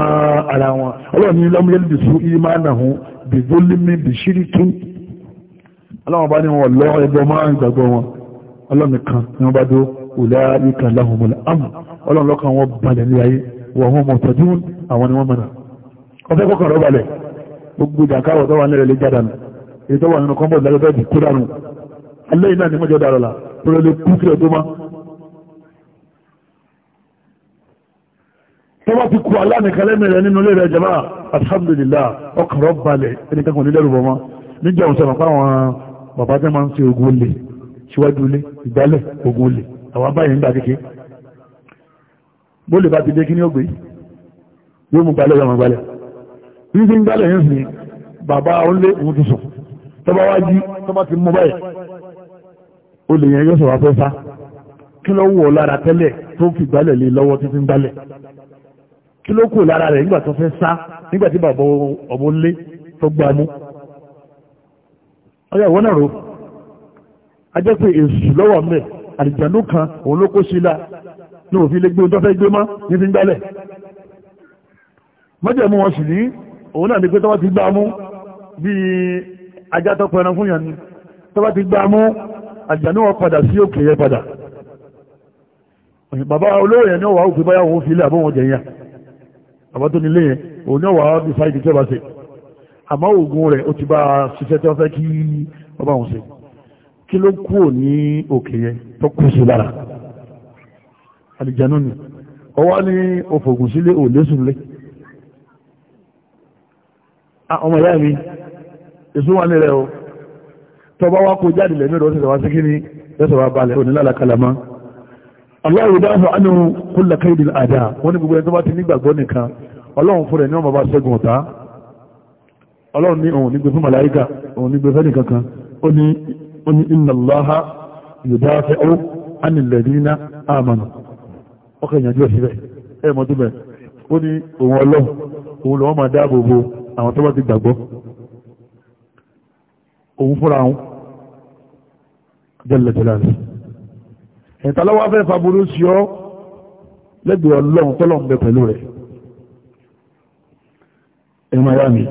ara wọn ọlọ́run ní lọ́mọdé lè sún iye máa nà hún bìbólímì bìṣíríkì ọlọ́run bá ní wọn lọ ẹbọ máa ń gbàgbọ́ wọn ọlọ́run nìkan ni wọ́n bá dó òlà ìkà láhùnmọ́ àmọ́ ọlọ́run lọ́kàn wọn balẹ̀ ní ayé wọ́n wọn mọ̀ tọ́jú àwọn ni wọ́n mọ̀nà ọfẹ́ kọ́kàn rọ́ balẹ̀ gbogbo ìdàkáwọ̀ tó wà nílẹ̀ lè jádànù èyí tó wà nínú kọ́mbọ̀ lẹ́gbẹ̀ẹ́ ẹlẹ́yìn náà ni mọ́jọ́ dára la pẹ̀lú ẹlẹ́ kú sí ọdún mọ́. tọ́wọ́ ti kú aláàmìkan lẹ́mìí rẹ̀ nínú ilé rẹ̀ jẹ́mà alhamdulillah ọkàn rọ̀ balẹ̀ ẹni kankan ní lẹ́rù bọ́mọ́ níjà òṣèlú àpá àwọn bàbá tẹ́ máa ń ṣe ogun olè síwájú ilé ìgbálẹ̀ ogun olè àwọn abáyé ń gbà kéke bólè bá wá jí tọ́ba ti mú báyìí olè yẹn yóò sọ̀rọ̀ afẹ́fá kí ló wọ̀ lára tẹ́lẹ̀ tó fi gbálẹ̀ lé lọ́wọ́ títí ń gbálẹ̀ kí ló kù lára rẹ̀ nígbà tó fẹ́ sá nígbà tí bàbá ọmọ lé tó gbá mú ọyá ìwọ náà ro ajẹ́ pé èṣù lọ́wọ́ mẹ́ àlìjànú kan òun ló kó sí la ní òfin lè gbé ohun tó fẹ́ gbé mọ́ ní fi gbálẹ̀ mọ́jẹ̀mú wọn sì ní òun náà ní pé tọ́wọ́ ti gbá mú bíi ajá tó pẹran fún yàn ni tọ́wọ́ ti gbá mú àjànú wọn padà sí òkè yẹn padà bàbá olóòrè yẹn ní ọwà òkè báyà òun filẹ̀ àbọ̀ wọn jẹ yẹn bàbá tó nílé yẹn òun ní ọwà decide tẹ́ bá ṣe àmọ́ oògùn rẹ̀ ó ti bá a ṣiṣẹ́ tí wọ́n fẹ́ kí ọba òun ṣe kí ló kú ò ní òkè yẹn tó kù sí lára àlìjànú ni ọwọ́ ní òfògùn sílé ò lésùn ah, ọmọ ìyá mi èso wà nílẹ̀ o tọba wá kó jáde lẹ́mí rọ̀ sísẹ̀ wá sí kíní lẹ́sẹ̀ wá balẹ̀ òní lálàkalà má aláwọ̀ dáhùn ánú kúlẹ̀ káyìdì àdá wọ́n ní gbogbo ẹni tó bá ti nígbàgbọ́ nìkan ọlọ́run fún rẹ̀ ní ọmọ bá ṣẹ́gun ọ̀tá ọlọ́run ní òun nígbè fún màláíkà òun nígbè fẹ́ nìkankan ó òun fúnra wọn jẹ́lẹ̀ jẹ́lẹ̀ rẹ̀ ẹ̀ta lọ́wọ́ afẹ́ faburú sí ọ lẹ́gbẹ̀ẹ́ ọlọ́run tọ́lọ́run bẹ pẹ̀lú rẹ̀ ẹ̀mọ̀ ayá mi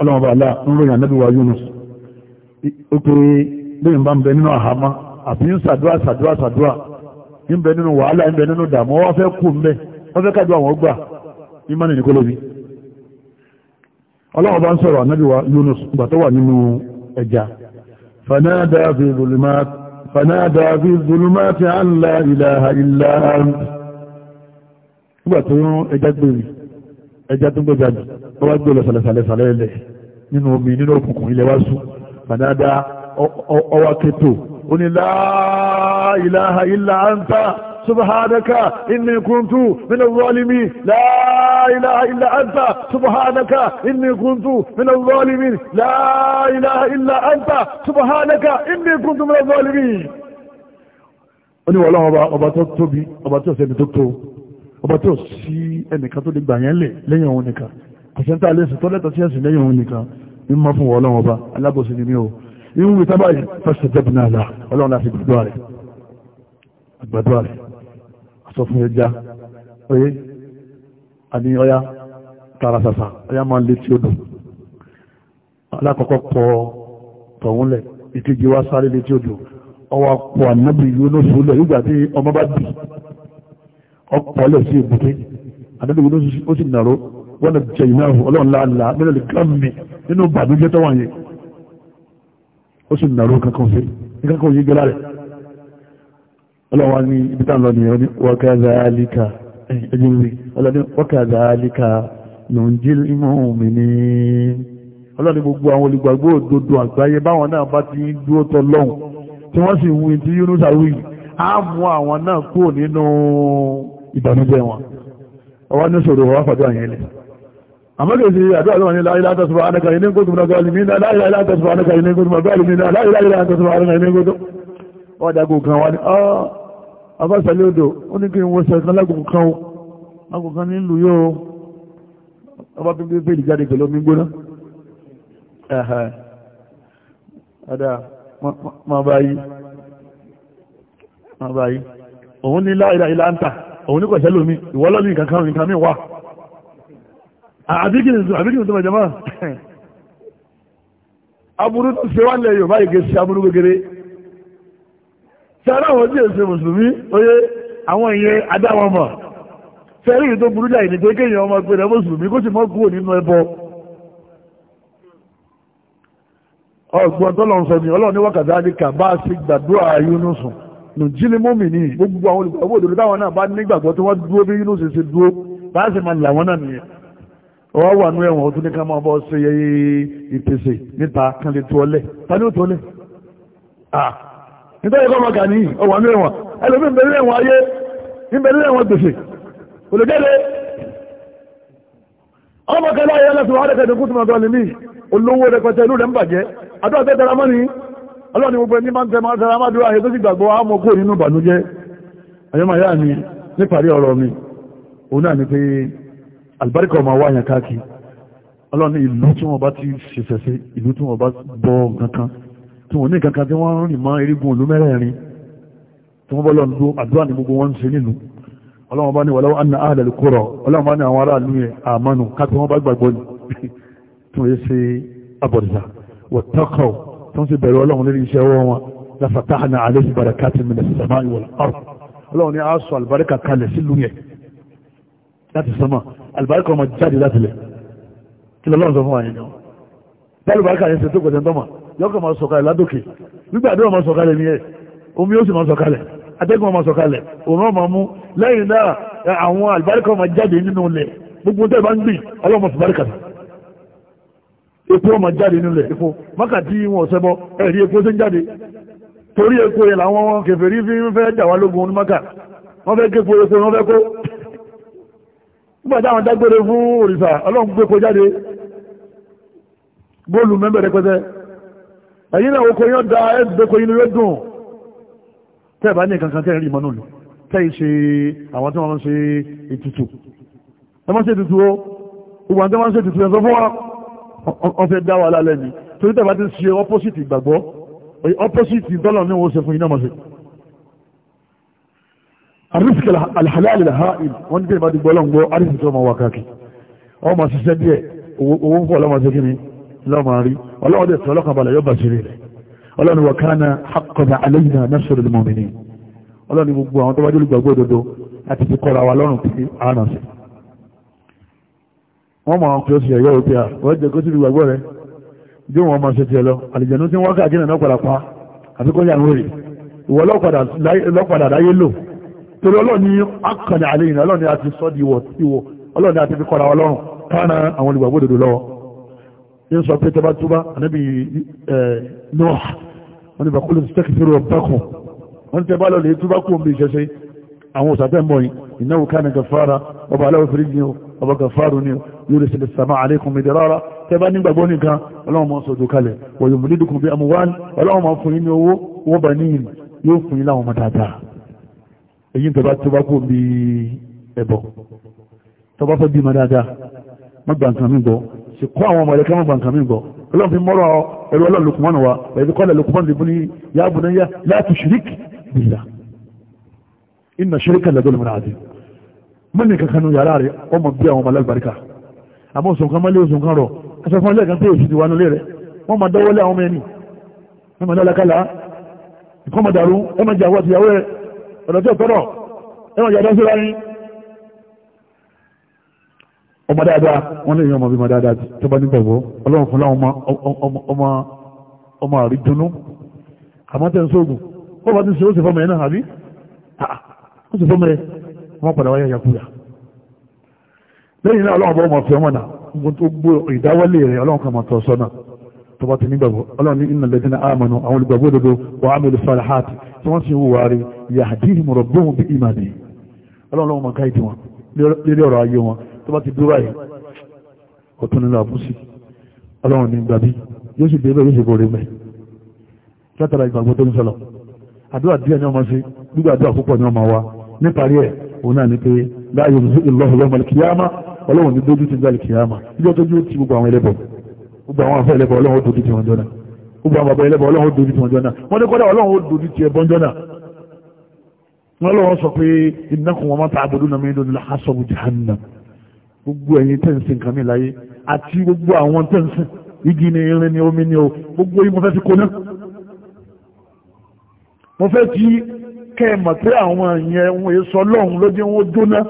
ọlọ́run bá aláà ń ròyìn Yunus ó pé lóyìn bá ń bẹ nínú àhámá àbí ń sàdúrà sàdúrà sàdúrà ń bẹ nínú wàhálà ń bẹ nínú dààmú wọ́n fẹ́ kú ń sọ̀rọ̀ anábíwá Yunus ìgbà tó wà nínú ẹja fanáàdá fi zulumat fanáàdá fi zulumat an la ilaha illa anta nígbà tó rán ẹja gbèrè ẹja tó gbẹ̀jà jù ó wá gbèrè sàlẹ̀sàlẹ̀ ilẹ̀ nínú omi nínú òkùnkùn ilẹ̀ wá sú fanáàdá ọwá kẹtò ó ní la ilaha illa anta سبحانك إني كنت من الظالمين لا إله إلا أنت سبحانك إني كنت من الظالمين لا إله إلا أنت سبحانك إني كنت من الظالمين ó ní wọ́lọ́wọ́ ọba ọba tó tóbi ọba tó sẹ́ni tó tó ọba tó sí ẹnìkan tó lè gbà yẹn lẹ̀ lẹ́yìn òun nìkan kò sẹ́ńtà lè sùn tó lẹ́tọ̀ sí ẹ̀sìn lẹ́yìn òun nìkan ní mọ́ fún wọ́lọ́wọ́ ọba alábòsí ni mí o ìwúwe tábàyí fẹsẹ̀ tẹ́bù náà là ọlọ́run láti gbàdúrà rẹ̀ gbàdúrà rẹ̀ aṣọ fún ẹja oye àní ọya tààrà sàṣà ọya máa lè tí ó dùn alákọ̀ọ́kọ́ pọ̀ tọ̀húnlẹ̀ ìkejì wá sáré lè tí ó dùn ọwọ́ pọ̀ ànábì Yúnúsù lẹ̀ nígbà tí ọmọ bá bì ọpọ̀ lẹ̀ sí èbúté ànábì Yúnúsù ó sì nàró wọ́n lè jẹ ìná ọlọ́run láàlá nínú lè gán mi yẹn ó sì nàró kankan sí kankan yìí gẹ́lá rẹ̀ ọlọ́wà ní ibi tán lọ nìyàn ní wọ́kàzàálíkà ẹjìnrí ọlọ́dún wọ́kàzàálíkà ló ń jí ìmọ̀ọ̀mì ní ọlọ́dún gbogbo àwọn olùgbàgbọ́ òdodo àgbáyé báwọn náà bá ti ń dúró tọ́ lọ́hùn tí wọ́n sì wí tí Yunusa wí á mú àwọn náà kúrò nínú ìbànújẹ́ wọn ọwọ́ ní sòrò wọ́n fàdó àyẹn lẹ̀ àmọ́ kì í ṣe àdó àdó àyẹn láyé látọ̀sùn àdàkà ilé ń kó tó mọ̀ wọ́n dago kan wá ní ọ́ afásàlẹ̀ odò ó ní kí n wọ́n sẹ́kan lágùn kan o lágùn kan nílùú yóò ọba pípé pèlè jáde pẹ̀lú omi gbóná ọ̀dà máa bá yí máa bá yí òun ní láìlà ilá ń tà òun ní kọ̀ṣẹ́ lómi ìwọ́lọ́mí kankan nǹkan mi wà àbíkìnì tó mẹjọ máa aburú tó ṣe wá lẹ́yìn ò báyìí gẹ̀ẹ́sì aburú gẹ́gẹ́rẹ́ tẹ́rọ àwọn tí èsè mùsùlùmí oyé àwọn ìyẹn adáwọn mọ̀ fẹ́rí ìlú tó burú láì ní pé kéèyàn ọmọ pé rẹ̀ mùsùlùmí kó sì mọ́ kúrò nínú ẹbọ ọgbọ́n tó lọ́n sọ ní ọlọ́run ní wákàtí àdìkà bá a sì gbàdúrà yúnúsùn nùjílé mọ́mì ní gbogbo àwọn olùgbàgbọ́ òdòdó táwọn náà bá nígbàgbọ́ tí wọ́n dúró bí yúnúsì ṣe dúró bá a sì máa làwọn náà nìyẹn ọwọ́ wà ní ẹ̀wọ̀n ọdún ní máa bọ́ sí ìpèsè níta kan lè tó ọlẹ̀ ta ó tó ọlẹ̀ nítorí kọ́ ọmọ gàní ọwà ní ẹ̀wọ̀n ẹlòmí ìbẹ̀rẹ̀ ẹ̀wọ̀n ayé ìbẹ̀rẹ̀ ẹ̀wọ̀n gbèsè olùgẹ́lẹ̀ ọmọ kẹlẹ́ ayé lẹ́sùn wà rẹ̀kẹ́ ìdínkù tìmọ̀ tọ́lẹ̀ ní olówó rẹpẹtẹ ìlú rẹ̀ ń bàjẹ́ àdúrà tẹ́ tẹ́ra mọ́ni ọlọ́ni gbogbo ẹni máa ń tẹ́ máa tẹ́ra máa dúró ayé tó sì gbàgbọ́ àmọ́ kó nínú ìbànújẹ́ ayọ́mọ̀yá mi níparí ọ̀rọ̀ mi òun náà ni pé àlùbáríkà ọmọ wa yàn káàkiri ọlọ́ni ìlú tí wọ́n bá ti tí wọ́n ní kankan tí wọ́n rìn mọ́ erigun ìlú mẹ́rẹ̀ẹ̀rin tí wọ́n bọ́lọ́ ǹdó àdúrà ní gbogbo wọn ń ṣe nílùú ọlọ́wọ́n bá ní wọ́lọ́wọ́ anna ahlal qura ọlọ́wọ́n bá ní àwọn ará ní àmánu kápí wọ́n bá gbàgbọ́ ní *laughs* tí wọ́n ṣe abọ̀dìsá wattaqaw tó ń ṣe bẹ̀rẹ̀ ọlọ́wọ́n lórí iṣẹ́ ọwọ́ wọn la fatahna alayhi barakatin minas samai wal ard ọlọ́wọ́n ní yọ́kọ̀ máa sọ̀kalẹ̀ ládòkè gbígbàdúrà máa sọ̀kalẹ̀ ní ẹ̀ omi ó sì máa sọ̀kalẹ̀ atẹ́gùn máa sọ̀kalẹ̀ òun máa mú lẹ́yìn náà àwọn àlùbáríkà máa jáde nínú ilẹ̀ gbogbo tẹ́ bá ń gbìn ọlọ́mọ fìbáríkà epo máa jáde nínú ilẹ̀ epo mákàtí wọn ọ̀sẹ́bọ ẹ̀rí epo tó ń jáde torí epo yẹn làwọn kèfèrí fi ń fẹ́ jà wá lógun ní mákà wọ́n fẹ́ képo epo wọ́n fẹ́ kó nígbà táwọn dágbére fún òrìṣà ọlọ́run gbé epo jáde bóòlù mẹ́bẹ̀rẹ̀ pẹ́tẹ́ ẹ̀yìn náà oko yọ́ da ẹ́gbẹ́kọ̀ inú yóò dùn tẹ́ bá ní kankan tẹ́ rí mọ́nà lò tẹ́ ṣe àwọn tí wọ́n ṣe ètùtù ẹ má ṣe ètùtù o gbogbo àwọn wọ́n ṣe ètùtù ẹ̀sọ́ fún wa ọ̀fẹ́ dá wa lálẹ́ ni torí tẹ́ bá ti ṣe opposite ìgbàgbọ́ opposite dọ́là ní wọ́n ṣe fún iná mọ̀ṣẹ́ àrísìkì alhàlálì làhàìl wọ́n ní kí ìbá ti gbọ́ lọ́ngbọ́ àrísìkì ọmọ wa káàkiri ọmọ ni lọ́mọ rí ọlọ́run dẹ̀ sọ ọlọ́kan balẹ̀ yọba ṣeré rẹ̀ ọlọ́run wọ kánà akọ̀dà alẹ́yìnà nẹ́sọ̀rọ̀ ni mọ̀mìnì ọlọ́run gbogbo àwọn tó bá jẹ́ olùgbàgbọ́ òdodo láti fi kọ́ra wa lọ́rùn pé àánà sí wọ́n mọ̀ àwọn kìlọ́ sí ẹ̀yọ́ òpin à wọ́n jẹ́ kó síbi gbàgbọ́ rẹ̀ jẹ́ wọn máa ṣe tiẹ̀ lọ àlìjẹ̀nu tí wọ́n káàkiri náà padà pa àti kọ́ yàn wèrè ìwọ lọ́padà láyé lò torí ọlọ́ni akọ̀dà alẹ́yìnà ọlọ́ni àti sọ́ di ìwọ̀ ọlọ́ni àti fi kọ́ra wa lọ́rùn kánà àwọn olùgbàgbọ́ òdodo lọ́wọ́ yíò sọ pé tẹba túbá ànábì Nuh wọ́n ni bàkúlù ti tẹ́kì fẹ́rọ bákùn wọ́n ni tẹba lọ lè túbá kú omi ìṣẹ́ṣẹ́ àwọn òsàtẹ́ mọ́ yìí innahu kana gàfàrà ọba aláwọ̀ fèrè ní o ọba gàfàrù ní o yóò lè ṣẹlẹ̀ sàmà àlékún mi dẹ̀rọ̀ra tẹba nígbàgbọ́ nìkan ọlọ́run máa sọ̀dọ̀ kalẹ̀ wọ̀nyí mú nídùkún bí amúwán ọlọ́run máa fún yín ní owó wọ́n bá níyìn yóò fún yín láwọn ọmọ dáadáa èyí tẹba túbá kú omi ẹ̀bọ̀ tọba fẹ́ bí ma dáadáa má gbà nǹkan mi gbọ́ sì kọ́ àwọn ọmọ rẹ̀ kí wọ́n gba nǹkan mi gbọ́ ọlọ́run fi mọ́rọ̀ ẹ̀rọ ọlọ́run Lukman wa ẹ̀rọ kọ́lẹ̀ Lukman lè buni ya bunayya la tushrik billah inna shirka la dhulmun adhim mọ́ ní kankan nu yàrá rẹ̀ ọmọ bí àwọn ọmọ alágbàríkà àmọ́ sọ̀kan mọ́lé sọ̀kan rọ̀ aṣọ fún ẹlẹ́gàn pé èsì ti wà nílé rẹ̀ wọ́n máa dọ́wọ́lé àwọn ọmọ dáadáa wọ́n lè yan ọmọ bímọ dáadáa tó bá nígbàgbọ́ ọlọ́run fún láwọn ọmọ àrídúnú àmọ́tẹ́ nsóògùn ó bá ti ṣe ó sì fọ́mọ̀ ẹ̀ náà àbí ah, ó sì fọ́mọ̀ ẹ̀ wọ́n padà wáyé yakuya lẹ́yìn náà ọlọ́run bọ́ ọmọ fi ọmọ náà gbogbo ìdáwọ́lé rẹ̀ ọlọ́run kan mọ̀ tọ́ sọ́nà tó bá ti nígbàgbọ́ ọlọ́run ní iná lẹ́dínà àmọ́nà àwọn olùgbàgbọ́ òdodo wà á mẹ́lẹ̀ tó bá ti dúró báyìí ọ̀tún nínú àbúsí ọlọ́run ní gbàbí yóò sì débẹ̀ yóò sì borí mẹ́ látara ìgbàgbọ́ tó ń sọ̀lọ̀ àdúrà díẹ̀ ní ọmọ sí gbígbà àdúrà púpọ̀ ní ọmọ wa níparí ẹ̀ òun náà ní pé láàyè ní ìlọ́hùn lọ́mọ kìyàmá ọlọ́run ní dójú ti gbà kìyàmá ìjọ tó yóò ti gbogbo àwọn ẹlẹ́bọ̀ gbogbo àwọn afẹ́ ẹlẹ́bọ̀ ọlọ́run gbogbo ẹ̀yin tẹ́ǹsì nǹkan mi láyé àti gbogbo àwọn tẹ́ǹsì igi ni irin ni omi ni o gbogbo yìí mo fẹ́ ti kóná mo fẹ́ ti kẹ́ẹ̀mọ̀ pé àwọn ìyẹn ohun èso ọlọ́run ló jẹ́ wọn jóná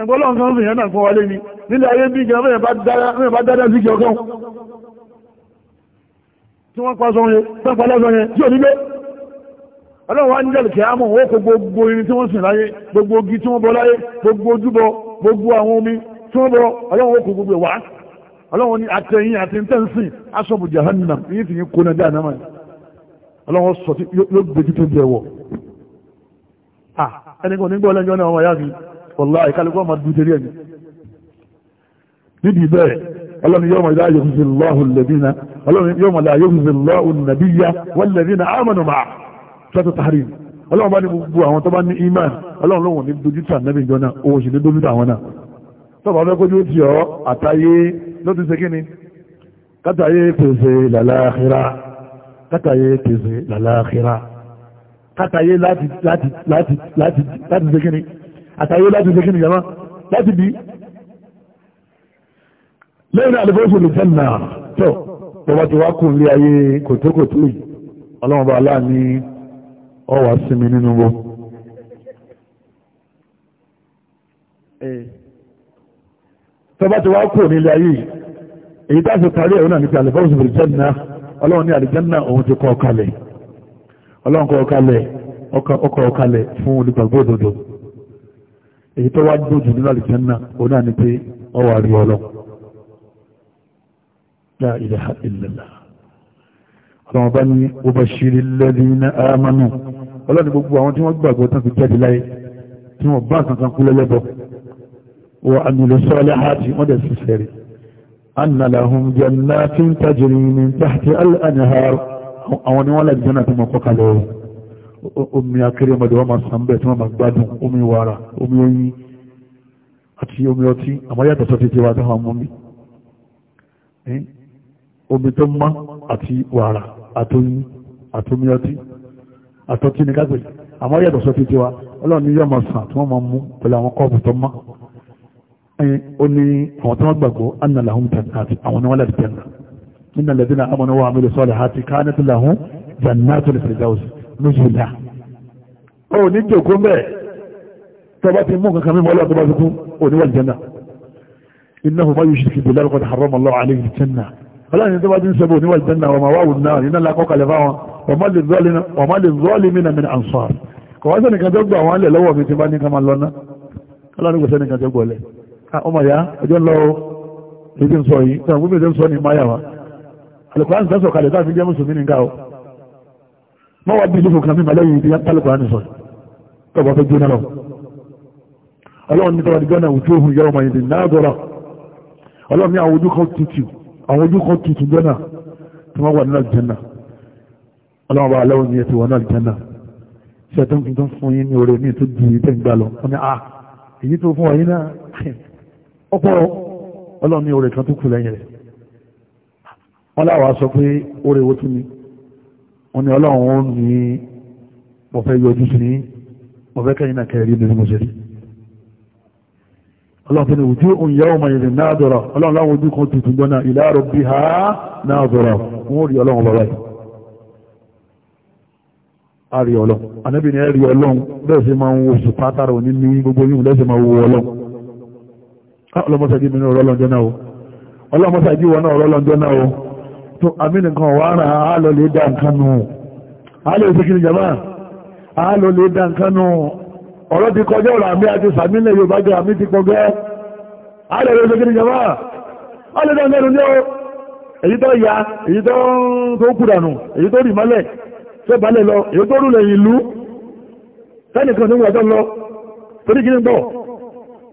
ẹgbẹ́ ọlọ́run kan fìyàn náà fún wọlé ni nílẹ̀ ayé bí ìjọba mẹ́rin bá dáadáa sí ìjọkan tí wọ́n pa sọ́run yẹn tó pa lọ́sọ yẹn tí ò nílé ọlọ́run wá nílẹ̀ kìámọ̀ ó kó gbogbo irin tí wọ́n sìn láyé gbogbo ogi tí wọ́n bọ láyé gbogbo ojúbọ gbogbo àwọn omi tí wọ́n bọ̀ ọlọ́run ó kó gbogbo wá ọlọ́run ní àtẹ̀yìn àti ntẹ́nsìn aṣọ́bù jahannam yìí fi yín kóná dáa náà ọlọ́run sọ tí yóò gbèjú tó bẹ̀ wọ̀ ẹni kò ní gbọ́ lẹ́jọ́ náà wọ́n yá mi wọ́lá ìkálukọ́ máa dùn tẹ́lẹ̀ mi níbi bẹ́ẹ̀ ọlọ́run yóò mọ̀ ilá yóò fi lọ́hù lẹ́bínà ọlọ́run yóò mọ̀ ilá yóò fi lọ́hù nàbíyá wọ́n lẹ́bínà ámànù máa tọ́tù tàrí mi ọlọ́run bá ní gbogbo àwọn tó bá ní iman ọlọ́run lóhùn ní dojútì ànábì ìjọ náà òun sì ní dojútì àwọn náà tọ́ba ọlọ́run kójú ti ọ àtàyé ló ti ṣe kí kátàyé pèsè làlàáhírà kátàyé pèsè làlàáhírà kátàyé láti láti láti láti láti ṣe kí àtàyé láti ṣe kí ni láti bí lẹ́yìn àlùfóòsù lè jẹ́nà tó bọ́bá ti wá kùn lé ayé kòtókòtó yìí ọlọ́run bá aláàánú ọ wà sinmi nínú wo eh. tọ́bá ti wá kúrò nílé ayé èyí tá a fi parí ẹ̀rọ náà ní ti àlùfáà òsùn bìrìjẹ́nà ọlọ́run ní àlùjẹ́nà òun ti kọ́ ọ̀kalẹ̀ ọlọ́run kọ́ ọ̀kalẹ̀ ọkọ̀ ọ̀kalẹ̀ fún olùgbàgbọ́ òdodo èyí tó wá dùn jù nínú àlùjẹ́nà òun náà ní pé ọwà rí ọlọ́run ọlọ́wọ́n bá ní wabashiri alladhina amanu ọlọ́ni gbogbo àwọn tí wọ́n gbàgbọ́ tán fi jáde láyé tí wọ́n bá kankan kú lẹ́lẹ́bọ̀ wa amilu salihati wọ́n dẹ̀ sísẹ̀ rí anna lahum jannatin tajri min tahti al-anhar jẹ́ náà tí wọ́n kọ́kalẹ̀ rẹ̀ omi akérèmọdé wọ́n máa wọ́n omi tó mọ́ àti wàrà àtòyìn àtòmí ọtí àtọ́tí ní kápẹ́ àmọ́ yàtọ̀ sọ títí wa ọlọ́run ní yọ̀mọ̀ sàn tí wọ́n máa mú pẹ̀lú àwọn kọ́ọ̀bù tó mọ́ ó ní àwọn tí wọ́n gbàgbọ́ anna lahum jannat àwọn ni wọ́n láti jannà nínú alladhina amanu wa amilu salihati kanat lahum jannatul firdaus nuzula ó ní ọlọ́run tó bá ti ń sẹ́bù níwájú jẹ́nà ọmọ wáwù náà iná lákọ́kàlẹ̀ fáwọn ọmọ lè zọ́ọ̀lì mí nàmì àǹsọ́ kọ̀wá sẹ́nìkan tó gbà wọ́n lẹ̀ lọ́wọ́ mi ti bá ní kama lọ́nà ọlọ́run kò sẹ́nìkan tó gbọ́lẹ̀ ọmọ ah, ya ọjọ́ lọ ibi sọ yìí tó àwọn gbogbo sọ ní máyà wa alùpùpù sọ kalẹ̀ tó àfi jẹ́ mùsùlùmí ní ká o mọ́ wá bí ìdífò kan mi màlẹ́ yìí yá ọlọ́run ní àwọn ojú kan tutù àwọn ojú kan tutù jọ́nà tí wọ́n wà nínú àlùjànnà ọlọ́wọ́n bá aláwọ̀ ní ẹ̀tì wà nínú àlùjànnà ṣe tó ń fi tó ń fún yín ní oore ní ìtòjú yìí tẹ́ ń gbà lọ wọ́n ní à ah, èyí tó fún wa yín náà ọ̀pọ̀ *laughs* ọlọ́run ní oore kan tó kù lẹ́yìn rẹ̀ ni wọ́n ní ọlọ́run ó ní ọlọ́pìn òjú òyìnbó ọmọ ìrìn náà dọ̀rọ̀ ọlọ́run láwọn ojú kan tuntun gbọ́nà ìlàrọ̀ bí ha náà dọ̀rọ̀ wọ́n rí ọlọ́run bàbá yìí a rí ọlọ́run anábì ni ẹ rí ọlọ́run bẹ́ẹ̀ sì máa ń wo oṣù pátárà òní ní gbogbo yìí lẹ́sẹ̀ máa wo ọlọ́run ah, ọlọ́mọsàgí mi ní ọlọ́run jẹ́ náà o ọlọ́mọsàgí wọn ọlọ́run jẹ́ o ọ̀rọ̀ ti kọjá ọ̀rọ̀ àmì àti sàmílẹ̀ Yorùbá jẹ́ àmì ti kọgẹ́ alẹ́rẹ́ ìṣẹ́gírí jama alẹ́rẹ́ mẹ́rin ní èyí tó ya èyí tó ń kúrànù èyí tó rì mọ́lẹ̀ tó balẹ̀ lọ èyí tó rúlẹ̀ ìlú tẹ́nìkan ní wọ́jọ́ lọ torí kí ní bọ̀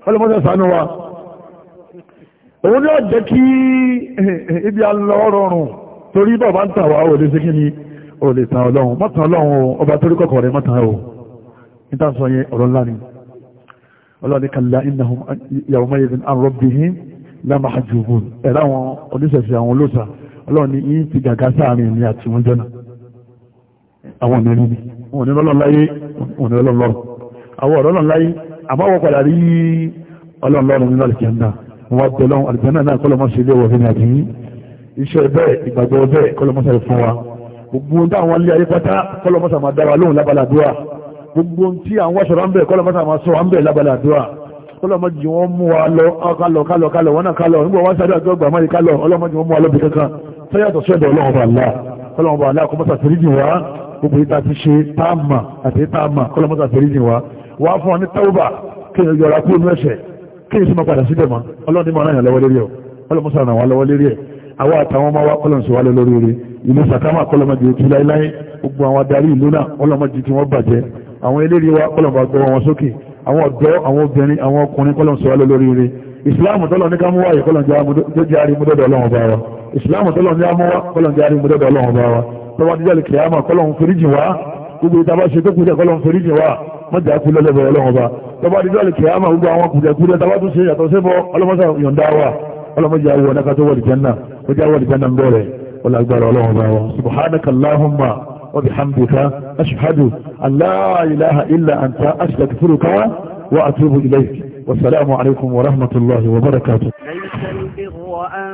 ọlọ́mọdé sànú wa *laughs* ń tàwà ò lè ni ò lè tàn ọlọ́run mọ́tàn ọlọ́run níta sọ yẹn ọ̀rọ̀ ńlá ni ọlọ́ni kàlá innahum yawma idhin an rabbihim la mahjubun ẹ̀rọ àwọn oníṣẹ̀ṣẹ̀ àwọn olóòṣà ọlọ́ni yìí ti gàgá sáàrin ìní àti wọn jọ́nà àwọn ìrìn ni wọn ni àwọn ilé ayé pátá kọ́lọ́mọ́ sàmà dára lóhùn lábàládùá gbogbo tí àwọn wáṣọ̀rọ̀ ń bẹ̀ kọ́lọ̀ mọ́ta máa sọ wọ́n ń bẹ̀ lábàlá àdúrà ọlọ́mọdé wọn mú wa lọ kálọ̀ kálọ̀ kálọ̀ wọn náà kálọ̀ nígbà wọn sáré àjọ gbàmọ́ yìí kálọ̀ ọlọ́mọdé wọn mú wa lọ bí kankan sẹ́yàtọ̀ sẹ́dọ̀ ọlọ́mọba àlá ọlọ́mọba àlá kọ́mọ́sà tẹ̀lẹ́jì wa gbogbo ni yọra kú inú ẹ̀ṣẹ̀ kí ni sì máa padà síbẹ̀ mọ́ ọlọ́ni máa ràn yàn lọ́wọ́ lérí ẹ̀ ọlọ́mọsà ràn wá ìlú sàkámà kọ́lọ́mọdé ti láéláé àwọn adarí ìlú náà ọlọ́mọdé tí wọ́n bàjẹ́ àwọn eléré wa kọ́lọ̀mbà gbọ́ wọn sókè àwọn ọ̀dọ́ àwọn obìnrin àwọn ọkùnrin kọ́lọ̀m sọ wálé lórí rẹ̀ ìsìláàmù tọ́lọ̀ ní kámúwá yìí kọ́lọ̀m jẹ́ àrímúdọ́dọ̀ ọlọ́run bá wa ìsìláàmù tọ́lọ̀ ní amúwá kọ́lọ̀m jẹ́ àrímúdọ́dọ̀ ọlọ́run bá wa tọ́wọ́ dídá lè kìyàmà kọ́lọ̀m foríjì wá gbogbo ìta bá ṣe tó kùjẹ kọ́lọ̀m foríjì wá mọ́jà kú lọ́lẹ́bẹ̀ ọlọ́run bá tọ́wọ́ dídá lè kìyàmà gbogbo àwọn kùjẹ kúrẹ́ tàbá tún ṣe yàtọ̀ sẹ́bọ̀ ọlọ́mọsà وبحمدك أشهد أن لا إله إلا أنت أستغفرك وأتوب إليك والسلام عليكم ورحمة الله وبركاته ليس البر أن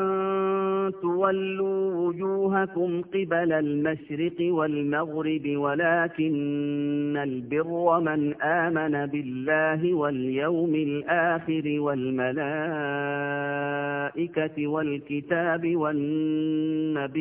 تولوا وجوهكم قبل المشرق والمغرب ولكن البر من آمن بالله واليوم الآخر والملائكة والكتاب والنبيين